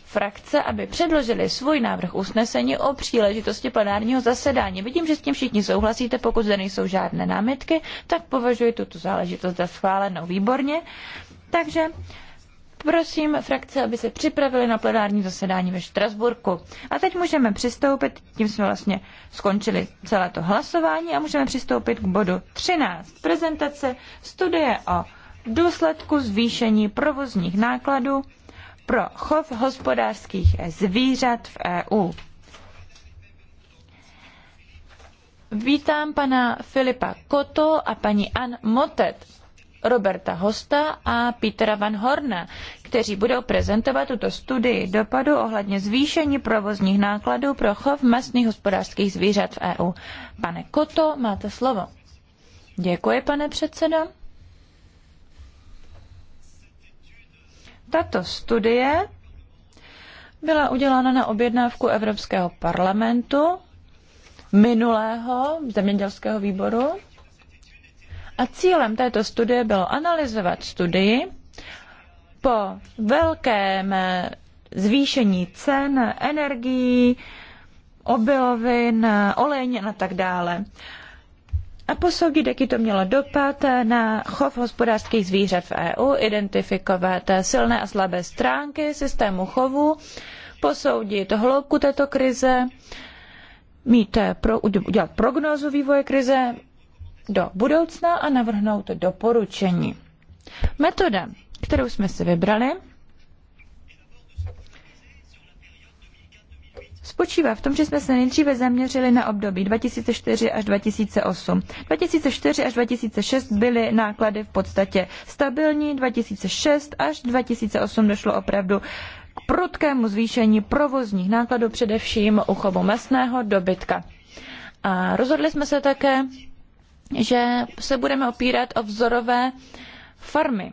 frakce, aby předložili svůj návrh usnesení o příležitosti plenárního zasedání. Vidím, že s tím všichni souhlasíte, pokud zde nejsou žádné námitky, tak považuji tuto záležitost za schválenou výborně. Takže Prosím frakce, aby se připravili na plenární zasedání ve Štrasburku. A teď můžeme přistoupit, tím jsme vlastně skončili celé to hlasování a můžeme přistoupit k bodu 13. Prezentace studie o důsledku zvýšení provozních nákladů pro chov hospodářských zvířat v EU. Vítám pana Filipa Koto a paní Ann Motet. Roberta Hosta a Petera Van Horna, kteří budou prezentovat tuto studii dopadu ohledně zvýšení provozních nákladů pro chov masných hospodářských zvířat v EU. Pane Koto, máte slovo. Děkuji, pane předsedo. Tato studie byla udělána na objednávku Evropského parlamentu minulého zemědělského výboru a cílem této studie bylo analyzovat studii po velkém eh, zvýšení cen energií, obilovin, eh, olejně a tak dále. A posoudit, jaký to mělo dopad eh, na chov hospodářských zvířat v EU, identifikovat silné a slabé stránky systému chovu, posoudit hloubku této krize, mít pro, udělat prognózu vývoje krize, do budoucna a navrhnout doporučení. Metoda, kterou jsme si vybrali, spočívá v tom, že jsme se nejdříve zaměřili na období 2004 až 2008. 2004 až 2006 byly náklady v podstatě stabilní, 2006 až 2008 došlo opravdu k prudkému zvýšení provozních nákladů, především u chovu masného dobytka. A rozhodli jsme se také že se budeme opírat o vzorové farmy.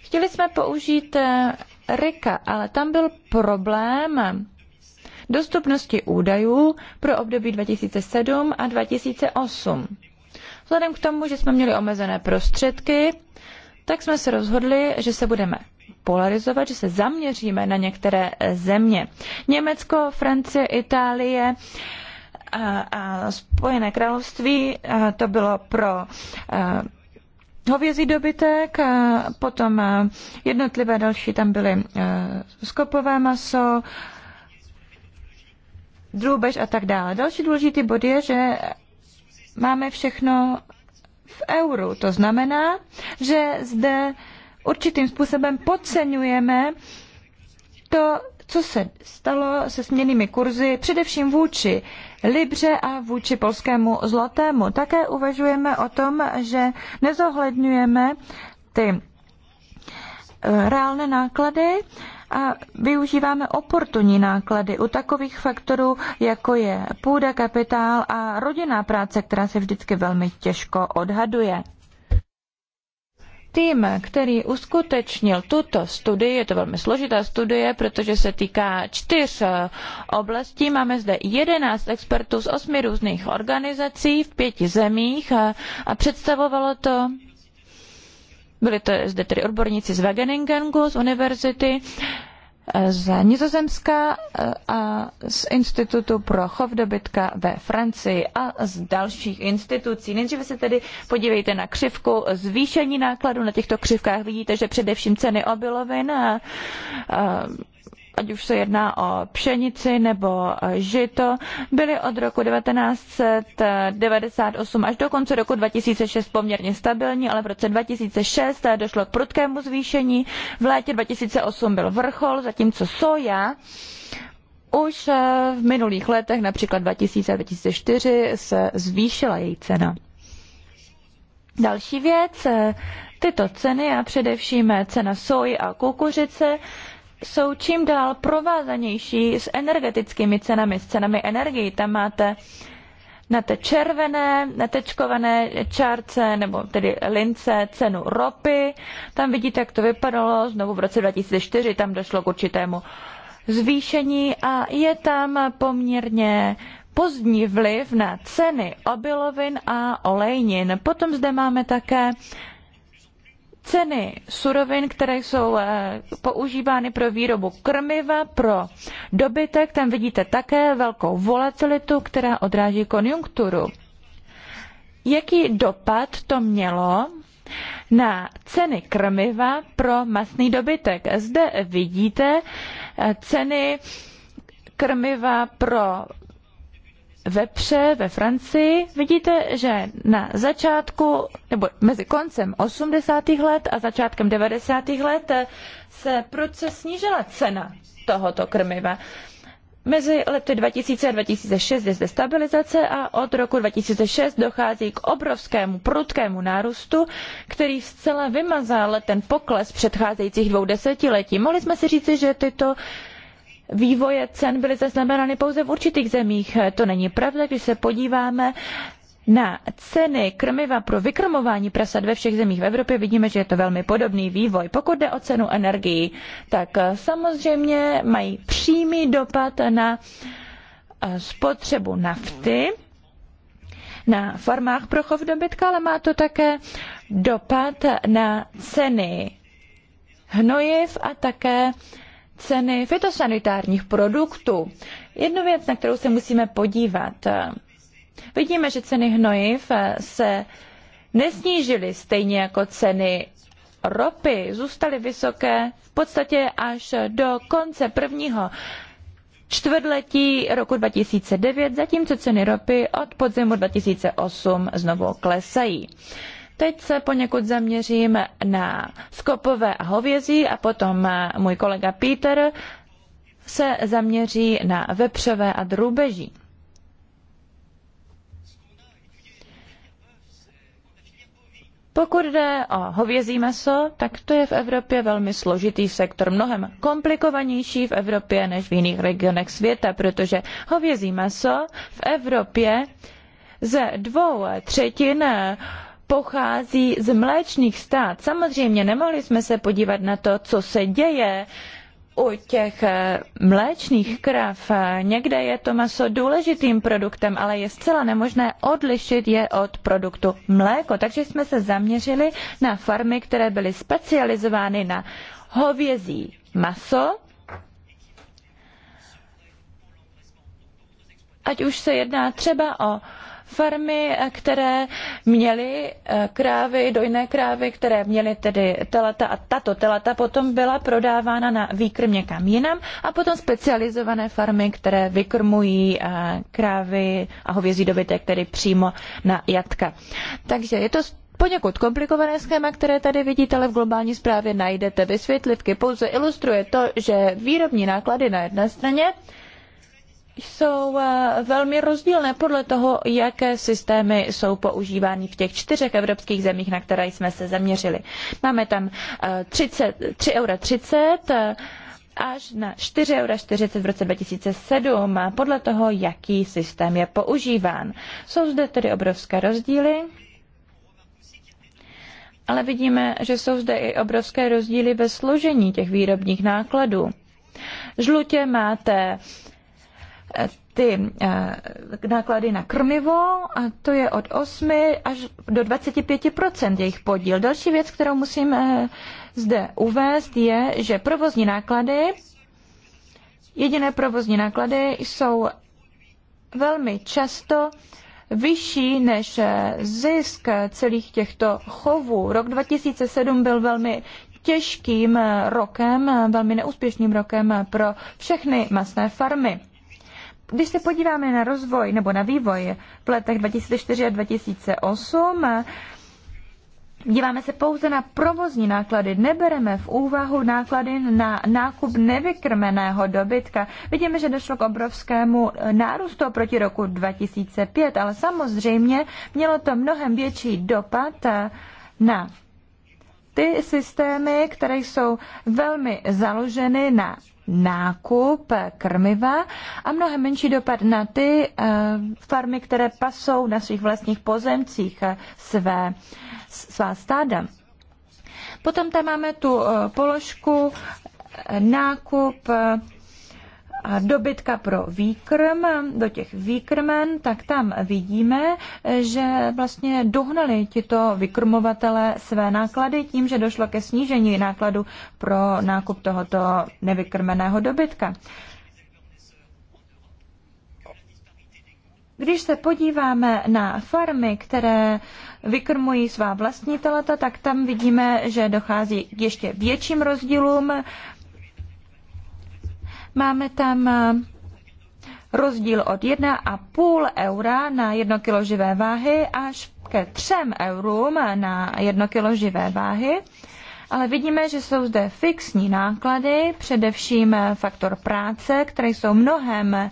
Chtěli jsme použít eh, Rika, ale tam byl problém dostupnosti údajů pro období 2007 a 2008. Vzhledem k tomu, že jsme měli omezené prostředky, tak jsme se rozhodli, že se budeme polarizovat, že se zaměříme na některé země. Německo, Francie, Itálie, a Spojené království to bylo pro hovězí dobytek, potom jednotlivé další tam byly skopové maso, drůbež a tak dále. Další důležitý bod je, že máme všechno v euru. To znamená, že zde určitým způsobem podceňujeme to, co se stalo se směnými kurzy, především vůči Libře a vůči polskému zlatému. Také uvažujeme o tom, že nezohledňujeme ty eh, reálné náklady a využíváme oportunní náklady u takových faktorů, jako je půda, kapitál a rodinná práce, která se vždycky velmi těžko odhaduje. Tým, který uskutečnil tuto studii, je to velmi složitá studie, protože se týká čtyř eh, oblastí. Máme zde 11 expertů z osmi různých organizací v pěti zemích a, eh, a představovalo to byli to zde tedy odborníci z Wageningenu z univerzity, z Nizozemska e, a z Institutu pro chov dobytka ve Francii a z dalších institucí. Nejdříve se tedy podívejte na křivku zvýšení nákladů. Na těchto křivkách vidíte, že především ceny obilovin a ať už se jedná o pšenici nebo žito, byly od roku 1998 až do konce roku 2006 poměrně stabilní, ale v roce 2006 došlo k prudkému zvýšení. V létě 2008 byl vrchol, zatímco soja už v minulých letech, například 2000 a 2004, se zvýšila její cena. Další věc, tyto ceny a především cena soji a kukuřice jsou čím dál provázanější s energetickými cenami, s cenami energii. Tam máte na té červené netečkované čárce, nebo tedy lince, cenu ropy. Tam vidíte, jak to vypadalo znovu v roce 2004, tam došlo k určitému zvýšení a je tam poměrně pozdní vliv na ceny obilovin a olejnin. Potom zde máme také ceny surovin, které jsou eh, používány pro výrobu krmiva, pro dobytek, tam vidíte také velkou volatilitu, která odráží konjunkturu. Jaký dopad to mělo na ceny krmiva pro masný dobytek? Zde vidíte eh, ceny krmiva pro vepře ve Francii. Vidíte, že na začátku, nebo mezi koncem 80. let a začátkem 90. let eh, se proce snížila cena tohoto krmiva. Mezi lety 2000 a 2006 je zde stabilizace a od roku 2006 dochází k obrovskému prudkému nárůstu, který zcela vymazal ten pokles předcházejících dvou desetiletí. Mohli jsme si říci, že tyto vývoje cen byly zaznamenány pouze v určitých zemích. To není pravda, když se podíváme na ceny krmiva pro vykrmování prasat ve všech zemích v Evropě vidíme, že je to velmi podobný vývoj. Pokud jde o cenu energií, tak eh, samozřejmě mají přímý dopad na eh, spotřebu nafty na farmách pro chov dobytka, ale má to také dopad na ceny hnojiv a také ceny fitosanitárních produktů. Jednu věc, na kterou se musíme podívat. Vidíme, že ceny hnojiv se nesnížily stejně jako ceny ropy. Zůstaly vysoké v podstatě až do konce prvního čtvrtletí roku 2009, zatímco ceny ropy od podzimu 2008 znovu klesají. Teď se poněkud zaměřím na skopové a hovězí a potom můj kolega Peter se zaměří na vepřové a drůbeží. Pokud jde o hovězí maso, tak to je v Evropě velmi složitý sektor, mnohem komplikovanější v Evropě než v jiných regionech světa, protože hovězí maso v Evropě ze dvou třetin pochází z mléčných stát. Samozřejmě nemohli jsme se podívat na to, co se děje u těch eh, mléčných krav. Někde je to maso důležitým produktem, ale je zcela nemožné odlišit je od produktu mléko. Takže jsme se zaměřili na farmy, které byly specializovány na hovězí maso, ať už se jedná třeba o farmy, eh, které měly eh, krávy, dojné krávy, které měly tedy telata a tato telata potom byla prodávána na výkrm někam jinam a potom specializované farmy, které vykrmují eh, krávy a hovězí dobytek tedy přímo na jatka. Takže je to Poněkud komplikované schéma, které tady vidíte, ale v globální zprávě najdete vysvětlivky. Pouze ilustruje to, že výrobní náklady na jedné straně jsou eh, velmi rozdílné podle toho, jaké systémy jsou používány v těch čtyřech evropských zemích, na které jsme se zaměřili. Máme tam 30, eh, 3,30 eura 30, eh, až na 4,40 eura v roce 2007, podle toho, jaký systém je používán. Jsou zde tedy obrovské rozdíly, ale vidíme, že jsou zde i obrovské rozdíly ve složení těch výrobních nákladů. Žlutě máte ty eh, náklady na krmivo, a to je od 8 až do 25 jejich podíl. Další věc, kterou musím eh, zde uvést, je, že provozní náklady, jediné provozní náklady jsou velmi často vyšší než eh, zisk celých těchto chovů. Rok 2007 byl velmi těžkým rokem, velmi neúspěšným rokem pro všechny masné farmy. Když se podíváme na rozvoj nebo na vývoj v letech 2004 a 2008, Díváme se pouze na provozní náklady, nebereme v úvahu náklady na nákup nevykrmeného dobytka. Vidíme, že došlo k obrovskému nárůstu proti roku 2005, ale samozřejmě mělo to mnohem větší dopad na ty systémy, které jsou velmi založeny na nákup krmiva a mnohem menší dopad na ty eh, farmy, které pasou na svých vlastních pozemcích eh, své, svá stáda. Potom tam máme tu eh, položku nákup dobytka pro výkrm, do těch výkrmen, tak tam vidíme, že vlastně dohnali tito vykrmovatele své náklady tím, že došlo ke snížení nákladu pro nákup tohoto nevykrmeného dobytka. Když se podíváme na farmy, které vykrmují svá vlastní telata, tak tam vidíme, že dochází k ještě větším rozdílům Máme tam eh, rozdíl od 1,5 eura na jedno kilo živé váhy až ke 3 eurům na jedno kilo živé váhy. Ale vidíme, že jsou zde fixní náklady, především eh, faktor práce, které jsou mnohem eh,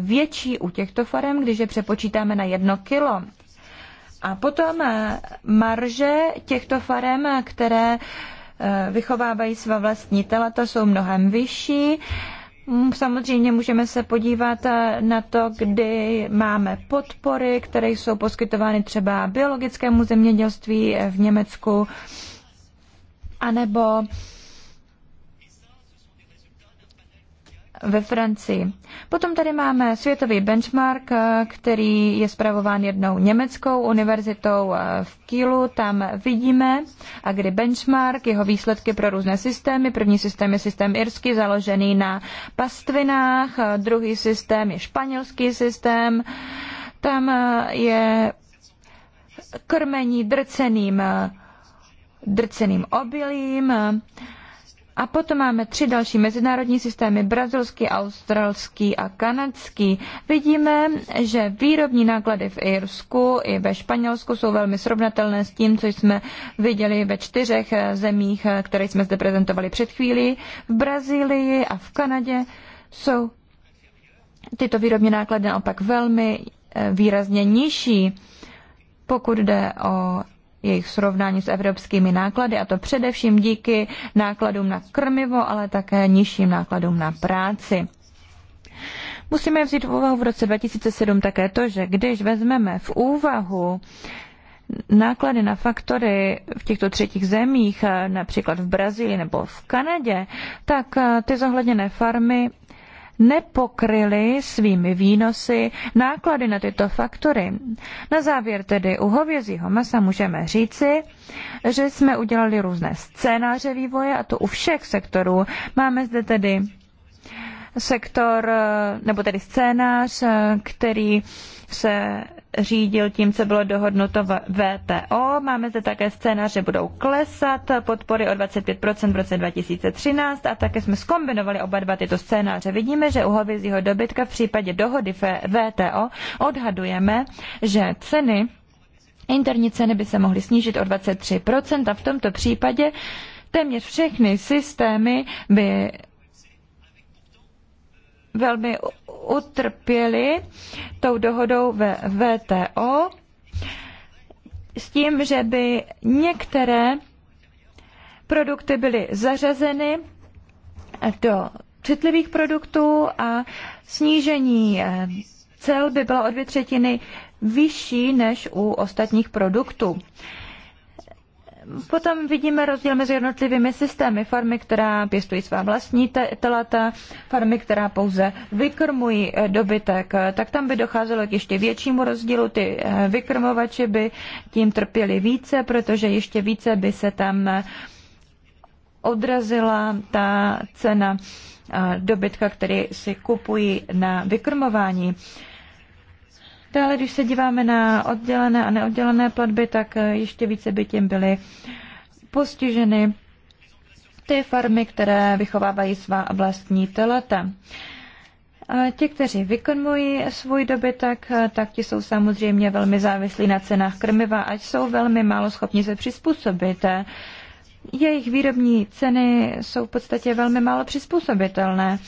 větší u těchto farem, když je přepočítáme na jedno kilo. A potom marže těchto farem, které Eh, vychovávají svá vlastní to jsou mnohem vyšší. Samozřejmě můžeme se podívat eh, na to, kdy máme podpory, které jsou poskytovány třeba biologickému zemědělství eh, v Německu, anebo ve Francii. Potom tady máme světový benchmark, eh, který je zpravován jednou německou univerzitou eh, v Kielu. Tam vidíme, a kdy benchmark, jeho výsledky pro různé systémy. První systém je systém irský, založený na pastvinách. Eh, Druhý systém je španělský systém. Tam je krmení drceným, drceným obilím a potom máme tři další mezinárodní systémy, brazilský, australský a kanadský. Vidíme, že výrobní náklady v Irsku i ve Španělsku jsou velmi srovnatelné s tím, co jsme viděli ve čtyřech eh, zemích, eh, které jsme zde prezentovali před chvílí. V Brazílii a v Kanadě jsou tyto výrobní náklady naopak velmi eh, výrazně nižší. Pokud jde o jejich srovnání s evropskými náklady, a to především díky nákladům na krmivo, ale také nižším nákladům na práci. Musíme vzít v úvahu v roce 2007 také to, že když vezmeme v úvahu náklady na faktory v těchto třetích zemích, například v Brazílii nebo v Kanadě, tak eh, ty zohledněné farmy nepokryly svými výnosy náklady na tyto faktory. Na závěr tedy u hovězího masa můžeme říci, že jsme udělali různé scénáře vývoje a to u všech sektorů. Máme zde tedy sektor, eh, nebo tedy scénář, eh, který se řídil tím, co bylo dohodnuto v VTO. Máme zde také scénář, že budou klesat podpory o 25% v roce 2013 a také jsme skombinovali oba dva tyto scénáře. Vidíme, že u hovězího dobytka v případě dohody VTO odhadujeme, že ceny Interní ceny by se mohly snížit o 23% a v tomto případě téměř všechny systémy by velmi utrpěli tou dohodou ve VTO s tím, že by některé produkty byly zařazeny do citlivých produktů a snížení eh, cel by bylo o dvě třetiny vyšší než u ostatních produktů. Potom vidíme rozdíl mezi jednotlivými systémy. Farmy, která pěstují svá vlastní telata, farmy, která pouze vykrmují eh, dobytek, tak tam by docházelo k ještě většímu rozdílu. Ty eh, vykrmovači by tím trpěli více, protože ještě více by se tam eh, odrazila ta cena dobytka, který si kupují na vykrmování. Dále, když se díváme na oddělené a neoddělené platby, tak eh, ještě více by tím byly postiženy ty farmy, které vychovávají svá vlastní telata. A ti, kteří vykonují svůj dobytek, eh, tak ti jsou samozřejmě velmi závislí na cenách krmiva, ať jsou velmi málo schopni se přizpůsobit. Jejich výrobní ceny jsou v podstatě velmi málo přizpůsobitelné.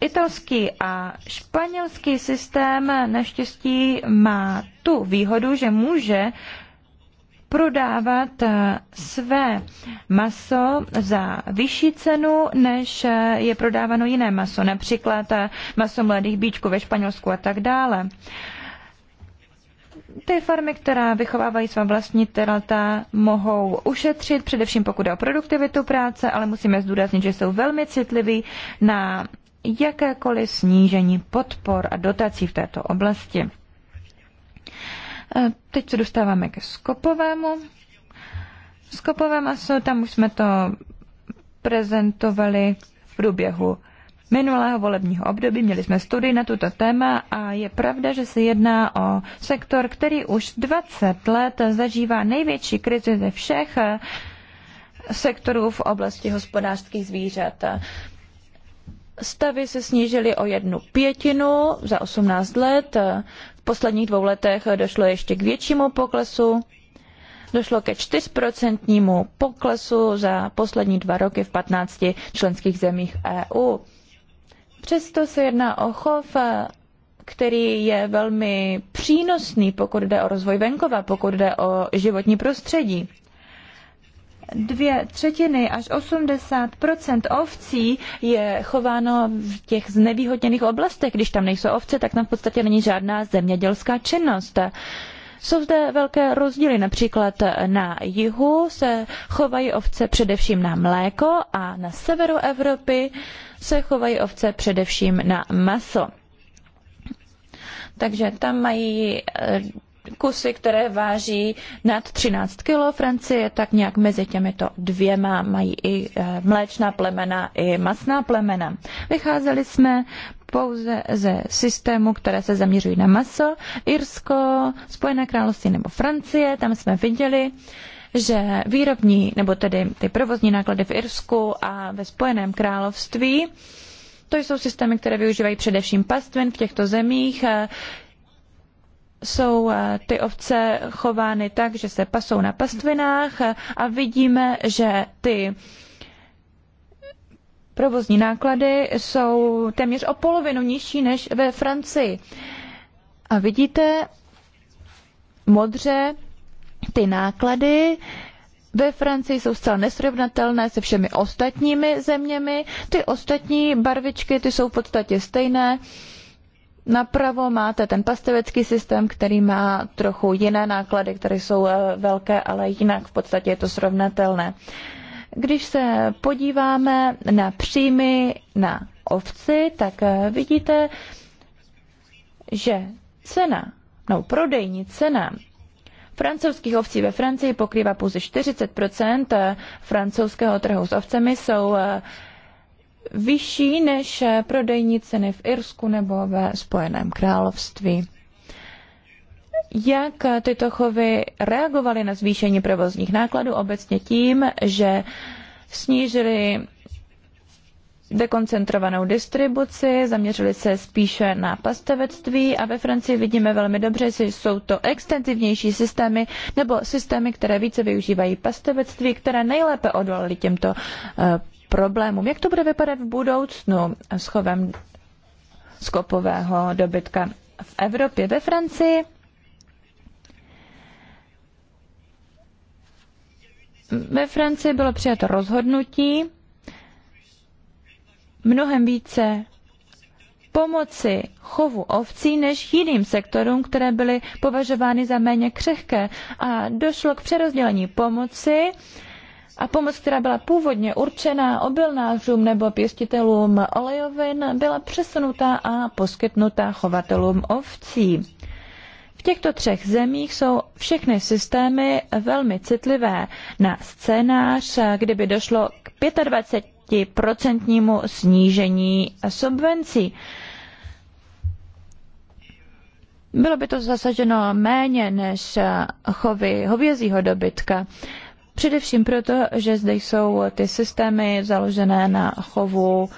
Italský a španělský systém naštěstí má tu výhodu, že může prodávat eh, své maso za vyšší cenu, než eh, je prodáváno jiné maso, například eh, maso mladých bíčků ve Španělsku a tak dále. Ty farmy, která vychovávají svá vlastní terata, mohou ušetřit, především pokud jde o produktivitu práce, ale musíme zdůraznit, že jsou velmi citliví na jakékoliv snížení podpor a dotací v této oblasti. Eh, teď se dostáváme ke skopovému. Skopové maso, tam už jsme to prezentovali v průběhu minulého volebního období. Měli jsme studii na tuto téma a je pravda, že se jedná o sektor, který už 20 let zažívá největší krizi ze všech eh, sektorů v oblasti hospodářských zvířat. Stavy se snížily o jednu pětinu za 18 let. V posledních dvou letech došlo ještě k většímu poklesu. Došlo ke 4% poklesu za poslední dva roky v 15 členských zemích EU. Přesto se jedná o chov, který je velmi přínosný, pokud jde o rozvoj venkova, pokud jde o životní prostředí dvě třetiny až 80 ovcí je chováno v těch znevýhodněných oblastech. Když tam nejsou ovce, tak tam v podstatě není žádná zemědělská činnost. Jsou zde velké rozdíly. Například na jihu se chovají ovce především na mléko a na severu Evropy se chovají ovce především na maso. Takže tam mají eh, kusy, které váží nad 13 kg. Francie tak nějak mezi těmito dvěma mají i eh, mléčná plemena, i masná plemena. Vycházeli jsme pouze ze systému, které se zaměřují na maso. Irsko, Spojené království nebo Francie, tam jsme viděli, že výrobní, nebo tedy ty provozní náklady v Irsku a ve Spojeném království, to jsou systémy, které využívají především pastvin v těchto zemích jsou eh, ty ovce chovány tak, že se pasou na pastvinách eh, a vidíme, že ty provozní náklady jsou téměř o polovinu nižší než ve Francii. A vidíte modře ty náklady, ve Francii jsou zcela nesrovnatelné se všemi ostatními zeměmi. Ty ostatní barvičky, ty jsou v podstatě stejné. Uh, Napravo máte ten pastevecký systém, který má trochu jiné náklady, které jsou eh, velké, ale jinak v podstatě je to srovnatelné. Když se podíváme na příjmy na ovci, tak eh, vidíte, že cena, no prodejní cena francouzských ovcí ve Francii pokrývá pouze 40 eh, francouzského trhu s ovcemi, jsou vyšší než prodejní ceny v Irsku nebo ve Spojeném království. Jak tyto chovy reagovaly na zvýšení provozních nákladů obecně tím, že snížili dekoncentrovanou distribuci, zaměřili se spíše na pastavectví a ve Francii vidíme velmi dobře, že jsou to extenzivnější systémy nebo systémy, které více využívají pastavectví, které nejlépe odolaly těmto eh, problémům. Jak to bude vypadat v budoucnu s chovem skopového dobytka v Evropě, ve Francii? Ve Francii bylo přijato rozhodnutí mnohem více pomoci chovu ovcí než jiným sektorům, které byly považovány za méně křehké a došlo k přerozdělení pomoci a pomoc, která byla původně určená obilnářům nebo pěstitelům olejovin, byla přesunutá a poskytnutá chovatelům ovcí. V těchto třech zemích jsou všechny systémy velmi citlivé na scénář, kdyby došlo k 25% snížení subvencí. Bylo by to zasaženo méně než chovy hovězího dobytka. Především proto, že zde jsou ty systémy založené na chovu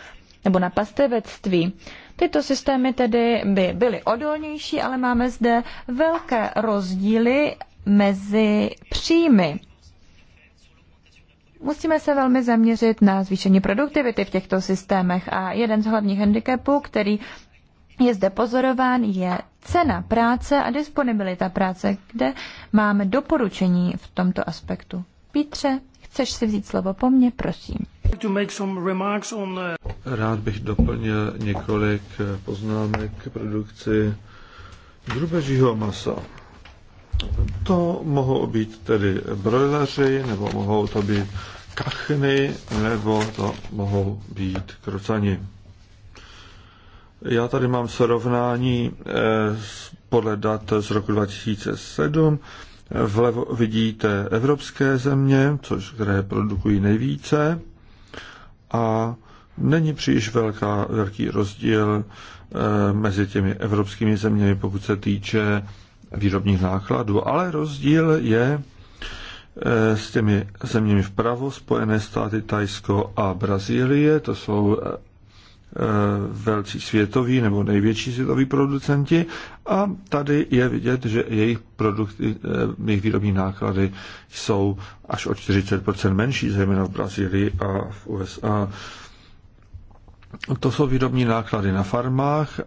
nebo na pastevectví. Tyto systémy tedy by byly odolnější, ale máme zde velké rozdíly mezi příjmy. Musíme se velmi zaměřit na zvýšení produktivity v těchto systémech a jeden z hlavních handicapů, který je zde pozorován, je cena práce a disponibilita práce, kde máme doporučení v tomto aspektu. Pítře, chceš si vzít slovo po mně, prosím. Rád bych doplnil několik eh, poznámek k produkci drubežího masa. To mohou být tedy brojleři, nebo mohou to být kachny, nebo to mohou být krocani. Já tady mám srovnání eh, podle dat z roku 2007 Vlevo vidíte evropské země, což, které produkují nejvíce a není příliš velká, velký rozdíl eh, mezi těmi evropskými zeměmi, pokud se týče výrobních nákladů, ale rozdíl je eh, s těmi zeměmi vpravo, Spojené státy, Tajsko a Brazílie, to jsou eh, Eh, velcí světoví nebo největší světoví producenti a tady je vidět, že jejich, produkty, eh, jejich výrobní náklady jsou až o 40% menší, zejména v Brazílii a v USA. To jsou výrobní náklady na farmách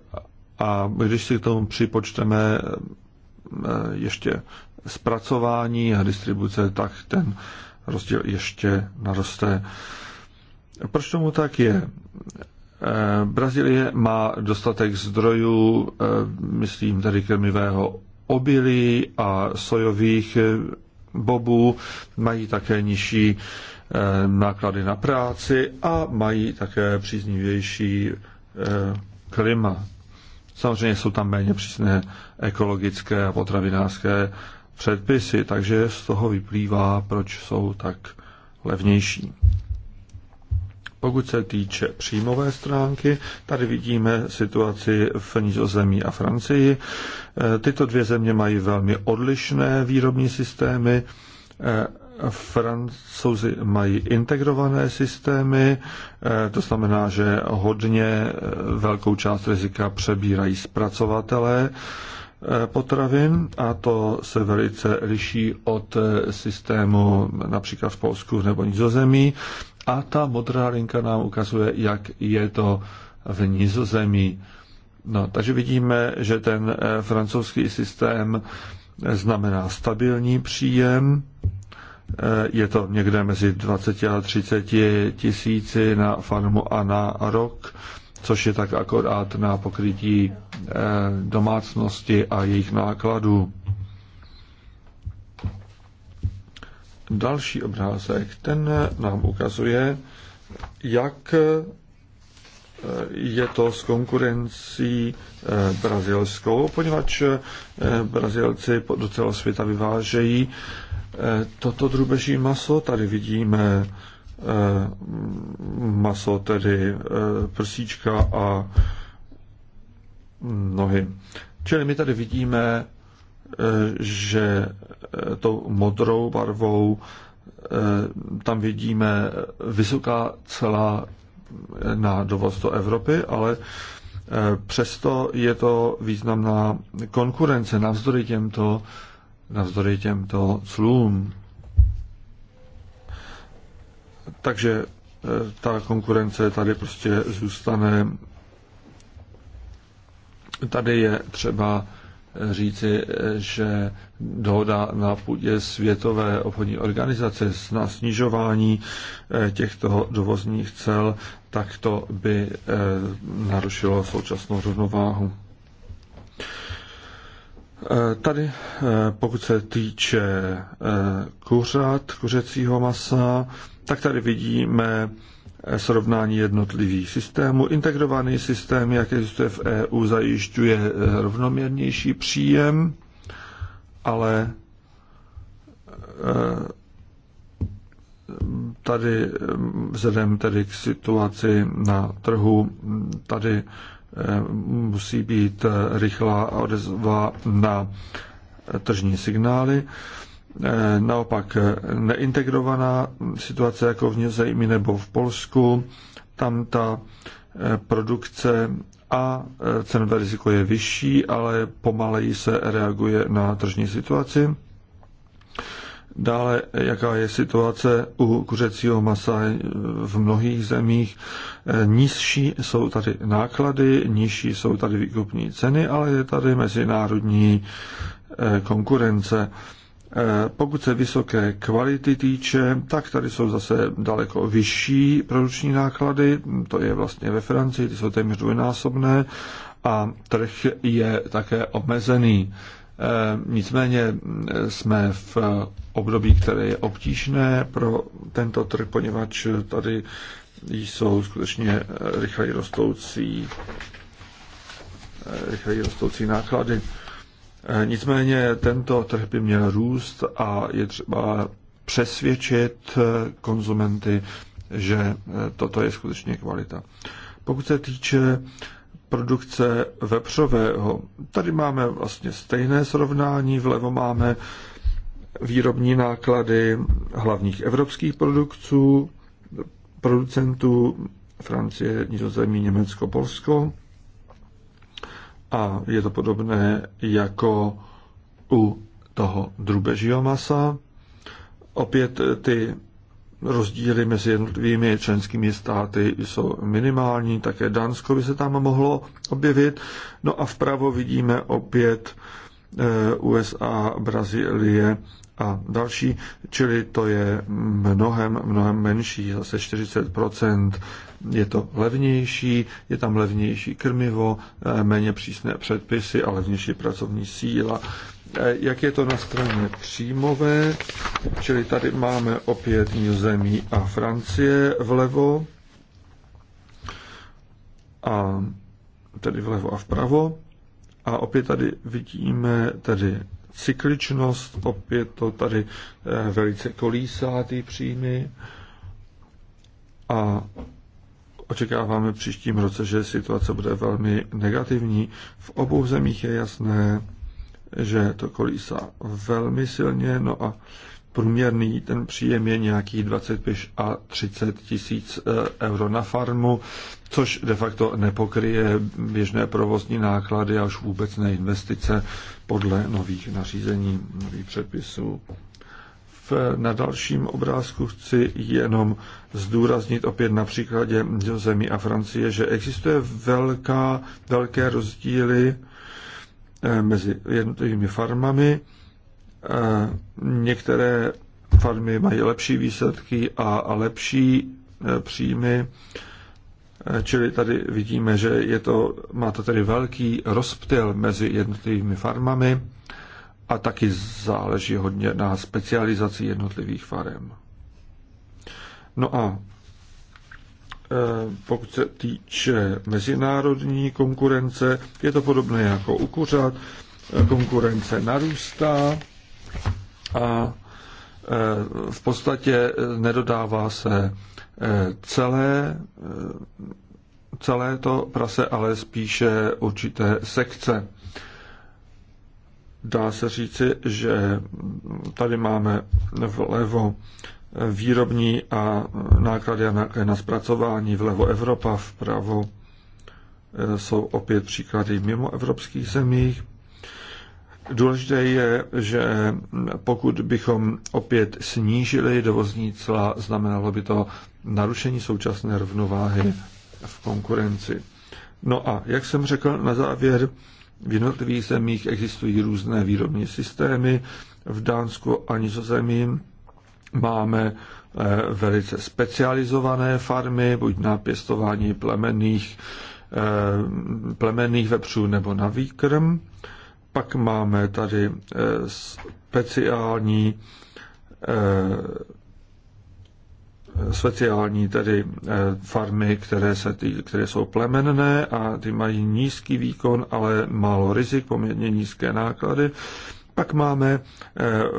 a když si k tomu připočteme eh, ještě zpracování a distribuce, tak ten rozdíl ještě naroste. Proč tomu tak je? Eh, Brazílie má dostatek zdrojů, eh, myslím tady krmivého obilí a sojových eh, bobů, mají také nižší náklady na práci a mají také příznivější klima. Samozřejmě jsou tam méně přísné ekologické a potravinářské předpisy, takže z toho vyplývá, proč jsou tak levnější. Pokud se týče příjmové stránky, tady vidíme situaci v Nizozemí a Francii. E, tyto dvě země mají velmi odlišné výrobní systémy. E, Francouzi mají integrované systémy, e, to znamená, že hodně velkou část rizika přebírají zpracovatelé potravin a to se velice liší od systému například v Polsku nebo Nizozemí. A ta modrá linka nám ukazuje, jak je to v Nizozemí. No, takže vidíme, že ten eh, francouzský systém eh, znamená stabilní příjem, eh, je to někde mezi 20 a 30 tisíci na farmu a na rok, což je tak akorát na pokrytí domácnosti a jejich nákladů. Další obrázek, ten nám ukazuje, jak eh, je to s konkurencí eh, brazilskou, poněvadž eh, Brazilci do celého světa vyvážejí toto drubeží maso. Tady vidíme maso, tedy prsíčka a nohy. Čili my tady vidíme že eh, tou modrou barvou eh, tam vidíme vysoká celá eh, na dovoz do Evropy, ale přesto je to významná konkurence navzdory těmto, navzdory těmto clům. Takže ta konkurence tady prostě zůstane. Tady je třeba říci, že dohoda na půdě Světové obchodní organizace na snižování eh, těchto dovozních cel, tak to by eh, narušilo současnou rovnováhu. Eh, tady, pokud se týče kuřat, kuřecího masa, tak tady vidíme srovnání jednotlivých systémů. Integrovaný systém, jak existuje v EU, zajišťuje rovnoměrnější příjem, ale eh, tady eh, vzhledem tedy k situaci na trhu, tady eh, musí být rychlá odezva na tržní signály. Eh, naopak eh, neintegrovaná situace jako v Nizozemí nebo v Polsku, tam ta eh, produkce a cenové riziko je vyšší, ale pomaleji se reaguje na tržní situaci. Dále, jaká je situace u kuřecího masa v mnohých zemích. Nižší jsou tady náklady, nižší jsou tady výkupní ceny, ale je tady mezinárodní konkurence. Eh, pokud se vysoké kvality týče, tak tady jsou zase daleko vyšší produkční náklady, to je vlastně ve Francii, ty jsou téměř dvojnásobné a trh je také omezený. Eh, nicméně eh, jsme v období, které je obtížné pro tento trh, poněvadž tady jsou skutečně rychleji rostoucí, rychleji rostoucí náklady. Eh, nicméně tento trh by měl růst a je třeba přesvědčit eh, konzumenty, že eh, toto je skutečně kvalita. Pokud se týče produkce vepřového, tady máme vlastně stejné srovnání, vlevo máme výrobní náklady hlavních evropských produktů, producentů Francie, Nizozemí, Německo, Polsko a je to podobné jako u toho drubežího masa. Opět ty rozdíly mezi jednotlivými členskými státy jsou minimální, také Dánsko by se tam mohlo objevit. No a vpravo vidíme opět eh, USA, Brazílie a další, čili to je mnohem, mnohem menší, zase 40%. Je to levnější, je tam levnější krmivo, eh, méně přísné předpisy a levnější pracovní síla. Eh, jak je to na straně příjmové, čili tady máme opět Nizozemí a Francie vlevo a tedy vlevo a vpravo. A opět tady vidíme tedy cykličnost, opět to tady eh, velice kolísá ty příjmy a očekáváme příštím roce, že situace bude velmi negativní. V obou zemích je jasné, že to kolísá velmi silně, no a průměrný ten příjem je nějakých 25 a 30 tisíc eh, euro na farmu, což de facto nepokryje běžné provozní náklady a už vůbec ne investice podle nových nařízení, nových předpisů. V, na dalším obrázku chci jenom zdůraznit opět na příkladě zemí a Francie, že existuje velká, velké rozdíly eh, mezi jednotlivými farmami, Některé farmy mají lepší výsledky a lepší e, příjmy, e, čili tady vidíme, že je to, má to tedy velký rozptyl mezi jednotlivými farmami a taky záleží hodně na specializaci jednotlivých farem. No a e, pokud se týče mezinárodní konkurence, je to podobné jako u kuřat. Konkurence narůstá a e, v podstatě nedodává se e, celé, e, celé to prase, ale spíše určité sekce. Dá se říci, že tady máme vlevo výrobní a náklady na zpracování, vlevo Evropa, vpravo jsou opět příklady mimo evropských zemích. Důležité je, že pokud bychom opět snížili dovozní cla, znamenalo by to narušení současné rovnováhy v konkurenci. No a jak jsem řekl na závěr, v jednotlivých zemích existují různé výrobní systémy. V Dánsku a Nizozemí máme eh, velice specializované farmy, buď na pěstování plemenných, eh, plemenných vepřů nebo na výkrm. Pak máme tady eh, speciální eh, speciální tedy eh, farmy, které, se ty, které jsou plemenné a ty mají nízký výkon, ale málo rizik, poměrně nízké náklady. Pak máme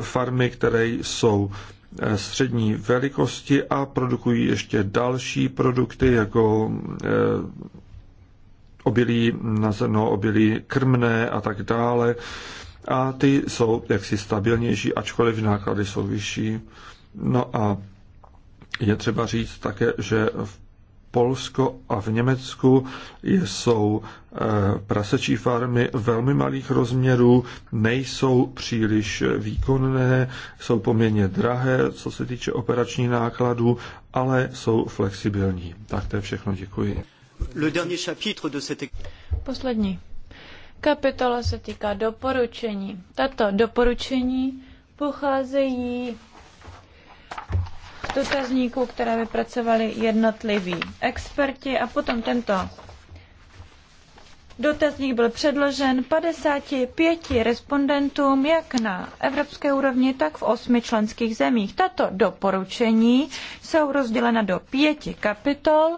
farmy, které jsou střední velikosti a produkují ještě další produkty, jako obilí na zrno, obilí krmné a tak dále. A ty jsou jaksi stabilnější, ačkoliv náklady jsou vyšší. No a je třeba říct také, že v Polsko a v Německu jsou eh, prasečí farmy velmi malých rozměrů, nejsou příliš výkonné, jsou poměrně drahé, co se týče operačních nákladů, ale jsou flexibilní. Tak to je všechno, děkuji. Poslední kapitola se týká doporučení. Tato doporučení pocházejí z dotazníků, které vypracovali jednotliví experti a potom tento dotazník byl předložen 55 respondentům jak na evropské úrovni, tak v osmi členských zemích. Tato doporučení jsou rozdělena do pěti kapitol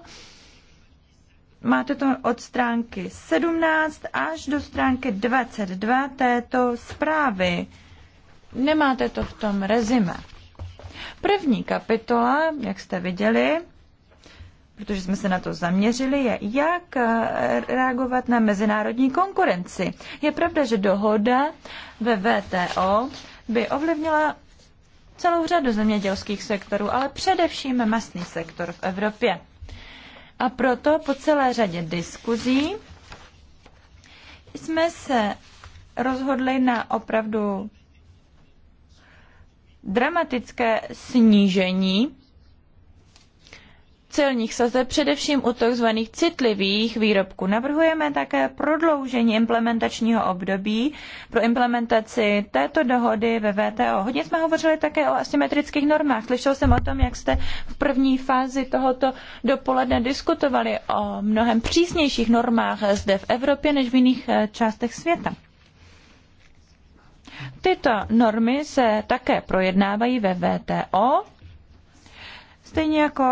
Máte to od stránky 17 až do stránky 22 této zprávy. Nemáte to v tom rezime. První kapitola, jak jste viděli, protože jsme se na to zaměřili, je, jak eh, reagovat na mezinárodní konkurenci. Je pravda, že dohoda ve VTO by ovlivnila celou řadu zemědělských sektorů, ale především masný sektor v Evropě. A proto po celé řadě diskuzí jsme se rozhodli na opravdu dramatické snížení celních sazeb především u tzv. citlivých výrobků. Navrhujeme také prodloužení implementačního období pro implementaci této dohody ve VTO. Hodně jsme hovořili také o asymetrických normách. Slyšel jsem o tom, jak jste v první fázi tohoto dopoledne diskutovali o mnohem přísnějších normách zde v Evropě než v jiných eh, částech světa. Tyto normy se také projednávají ve VTO Stejně jako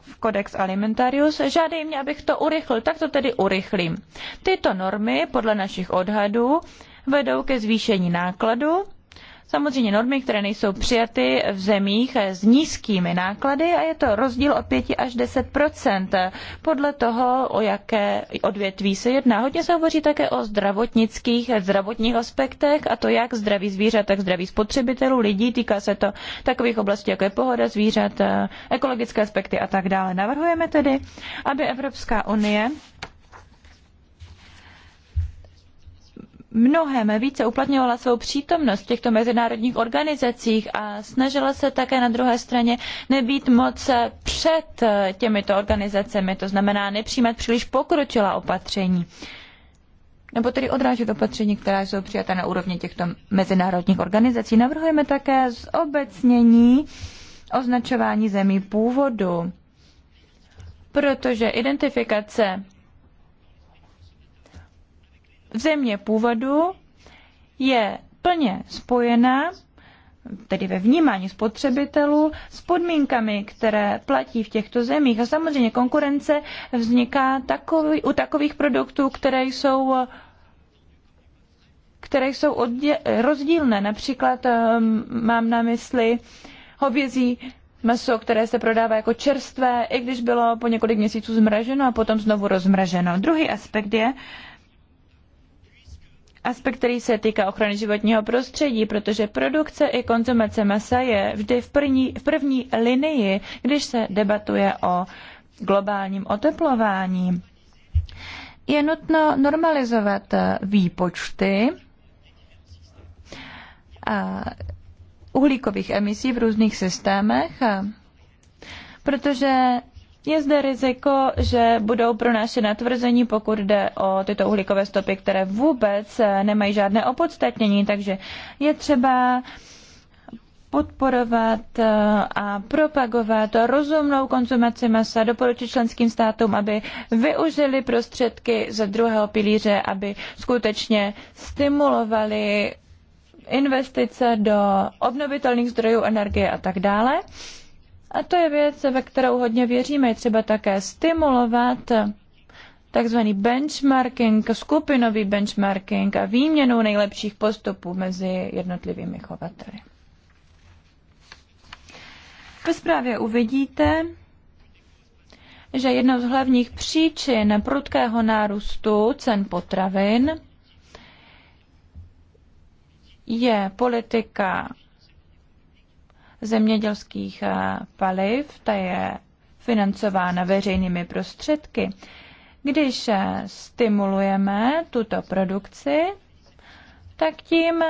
v Codex Alimentarius, žádej mě, abych to urychlil, tak to tedy urychlím. Tyto normy podle našich odhadů vedou ke zvýšení nákladu samozřejmě normy, které nejsou přijaty v zemích s nízkými náklady a je to rozdíl od 5 až 10 podle toho, o jaké odvětví se jedná. Hodně se hovoří také o zdravotnických, zdravotních aspektech a to jak zdraví zvířat, tak zdraví spotřebitelů, lidí. Týká se to takových oblastí, jako je pohoda zvířat, ekologické aspekty a tak dále. Navrhujeme tedy, aby Evropská unie mnohem více uplatňovala svou přítomnost v těchto mezinárodních organizacích a snažila se také na druhé straně nebýt moc před eh, těmito organizacemi, to znamená nepřijímat příliš pokročilá opatření. Nebo tedy odrážet opatření, která jsou přijata na úrovni těchto mezinárodních organizací. Navrhujeme také zobecnění označování zemí původu, protože identifikace země původu je plně spojena, tedy ve vnímání spotřebitelů, s podmínkami, které platí v těchto zemích. A samozřejmě konkurence vzniká takový, u takových produktů, které jsou které jsou odděl, rozdílné. Například um, mám na mysli hovězí maso, které se prodává jako čerstvé, i když bylo po několik měsíců zmraženo a potom znovu rozmraženo. Druhý aspekt je, aspekt, který se týká ochrany životního prostředí, protože produkce i konzumace masa je vždy v první, v první linii, když se debatuje o globálním oteplování. Je nutno normalizovat výpočty uhlíkových emisí v různých systémech, protože je zde riziko, že budou pronášena tvrzení, pokud jde o tyto uhlíkové stopy, které vůbec eh, nemají žádné opodstatnění, takže je třeba podporovat eh, a propagovat rozumnou konzumaci masa, doporučit členským státům, aby využili prostředky ze druhého pilíře, aby skutečně stimulovali investice do obnovitelných zdrojů energie a tak dále. A to je věc, ve kterou hodně věříme. Je třeba také stimulovat takzvaný benchmarking, skupinový benchmarking a výměnu nejlepších postupů mezi jednotlivými chovateli. Ve zprávě uvidíte, že jednou z hlavních příčin prudkého nárůstu cen potravin je politika zemědělských eh, paliv, ta je financována veřejnými prostředky. Když eh, stimulujeme tuto produkci, tak tím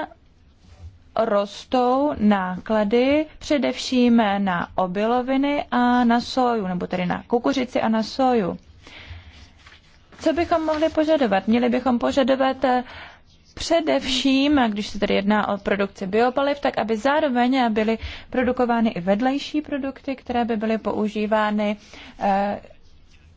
rostou náklady především na obiloviny a na soju, nebo tedy na kukuřici a na soju. Co bychom mohli požadovat? Měli bychom požadovat eh, především, když se tedy jedná o produkci biopaliv, tak aby zároveň byly produkovány i vedlejší produkty, které by byly používány eh,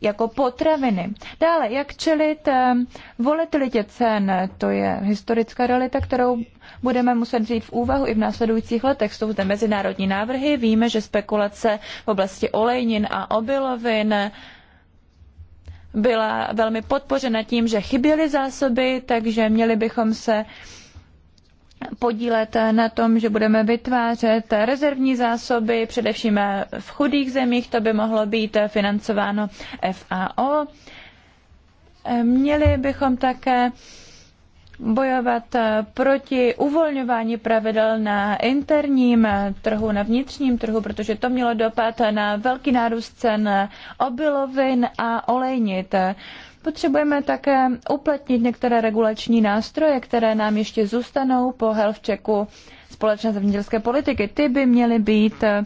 jako potraviny. Dále, jak čelit eh, volatilitě cen, to je historická realita, kterou budeme muset vzít v úvahu i v následujících letech. Jsou zde mezinárodní návrhy, víme, že spekulace v oblasti olejnin a obilovin byla velmi podpořena tím, že chyběly zásoby, takže měli bychom se podílet na tom, že budeme vytvářet rezervní zásoby, především v chudých zemích, to by mohlo být financováno FAO. Měli bychom také bojovat eh, proti uvolňování pravidel na interním eh, trhu, na vnitřním trhu, protože to mělo dopad na velký nárůst cen obilovin a olejnit. Potřebujeme také uplatnit některé regulační nástroje, které nám ještě zůstanou po health checku společné zemědělské politiky. Ty by měly být eh,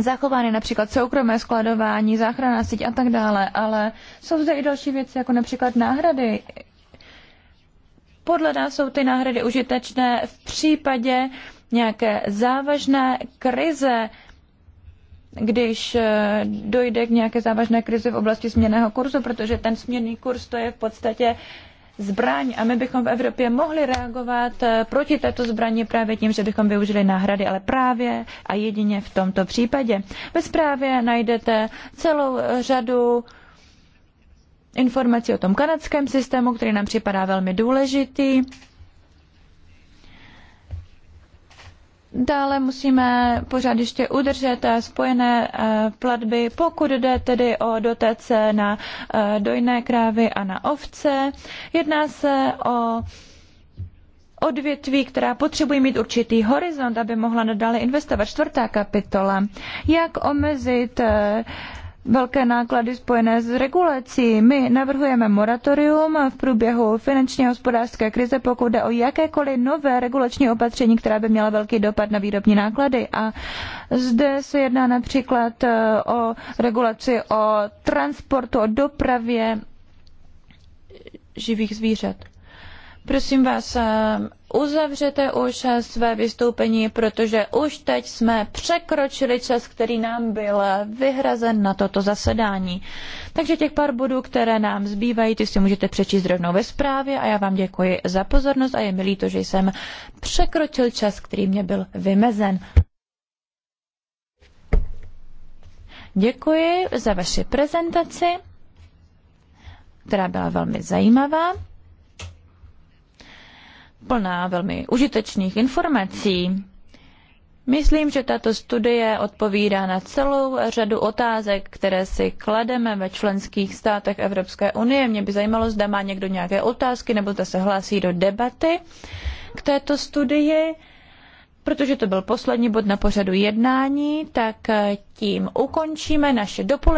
zachovány například soukromé skladování, záchranná síť a tak dále, ale jsou zde i další věci, jako například náhrady podle nás jsou ty náhrady užitečné v případě nějaké závažné krize, když eh, dojde k nějaké závažné krizi v oblasti směrného kurzu, protože ten směrný kurz to je v podstatě zbraň a my bychom v Evropě mohli reagovat eh, proti této zbraní právě tím, že bychom využili náhrady, ale právě a jedině v tomto případě. Ve zprávě najdete celou řadu informací o tom kanadském systému, který nám připadá velmi důležitý. Dále musíme pořád ještě udržet spojené eh, platby, pokud jde tedy o dotace na eh, dojné krávy a na ovce. Jedná se o odvětví, která potřebují mít určitý horizont, aby mohla nadále investovat. Čtvrtá kapitola. Jak omezit eh, velké náklady spojené s regulací. My navrhujeme moratorium v průběhu finanční hospodářské krize, pokud jde o jakékoliv nové regulační opatření, která by měla velký dopad na výrobní náklady. A zde se jedná například eh, o regulaci o transportu, o dopravě živých zvířat. Prosím vás, eh, uzavřete už své vystoupení, protože už teď jsme překročili čas, který nám byl vyhrazen na toto zasedání. Takže těch pár bodů, které nám zbývají, ty si můžete přečíst rovnou ve zprávě a já vám děkuji za pozornost a je mi líto, že jsem překročil čas, který mě byl vymezen. Děkuji za vaši prezentaci, která byla velmi zajímavá plná velmi užitečných informací. Myslím, že tato studie odpovídá na celou řadu otázek, které si klademe ve členských státech Evropské unie. Mě by zajímalo, zda má někdo nějaké otázky nebo zda se hlásí do debaty k této studii. Protože to byl poslední bod na pořadu jednání, tak tím ukončíme naše dopolední.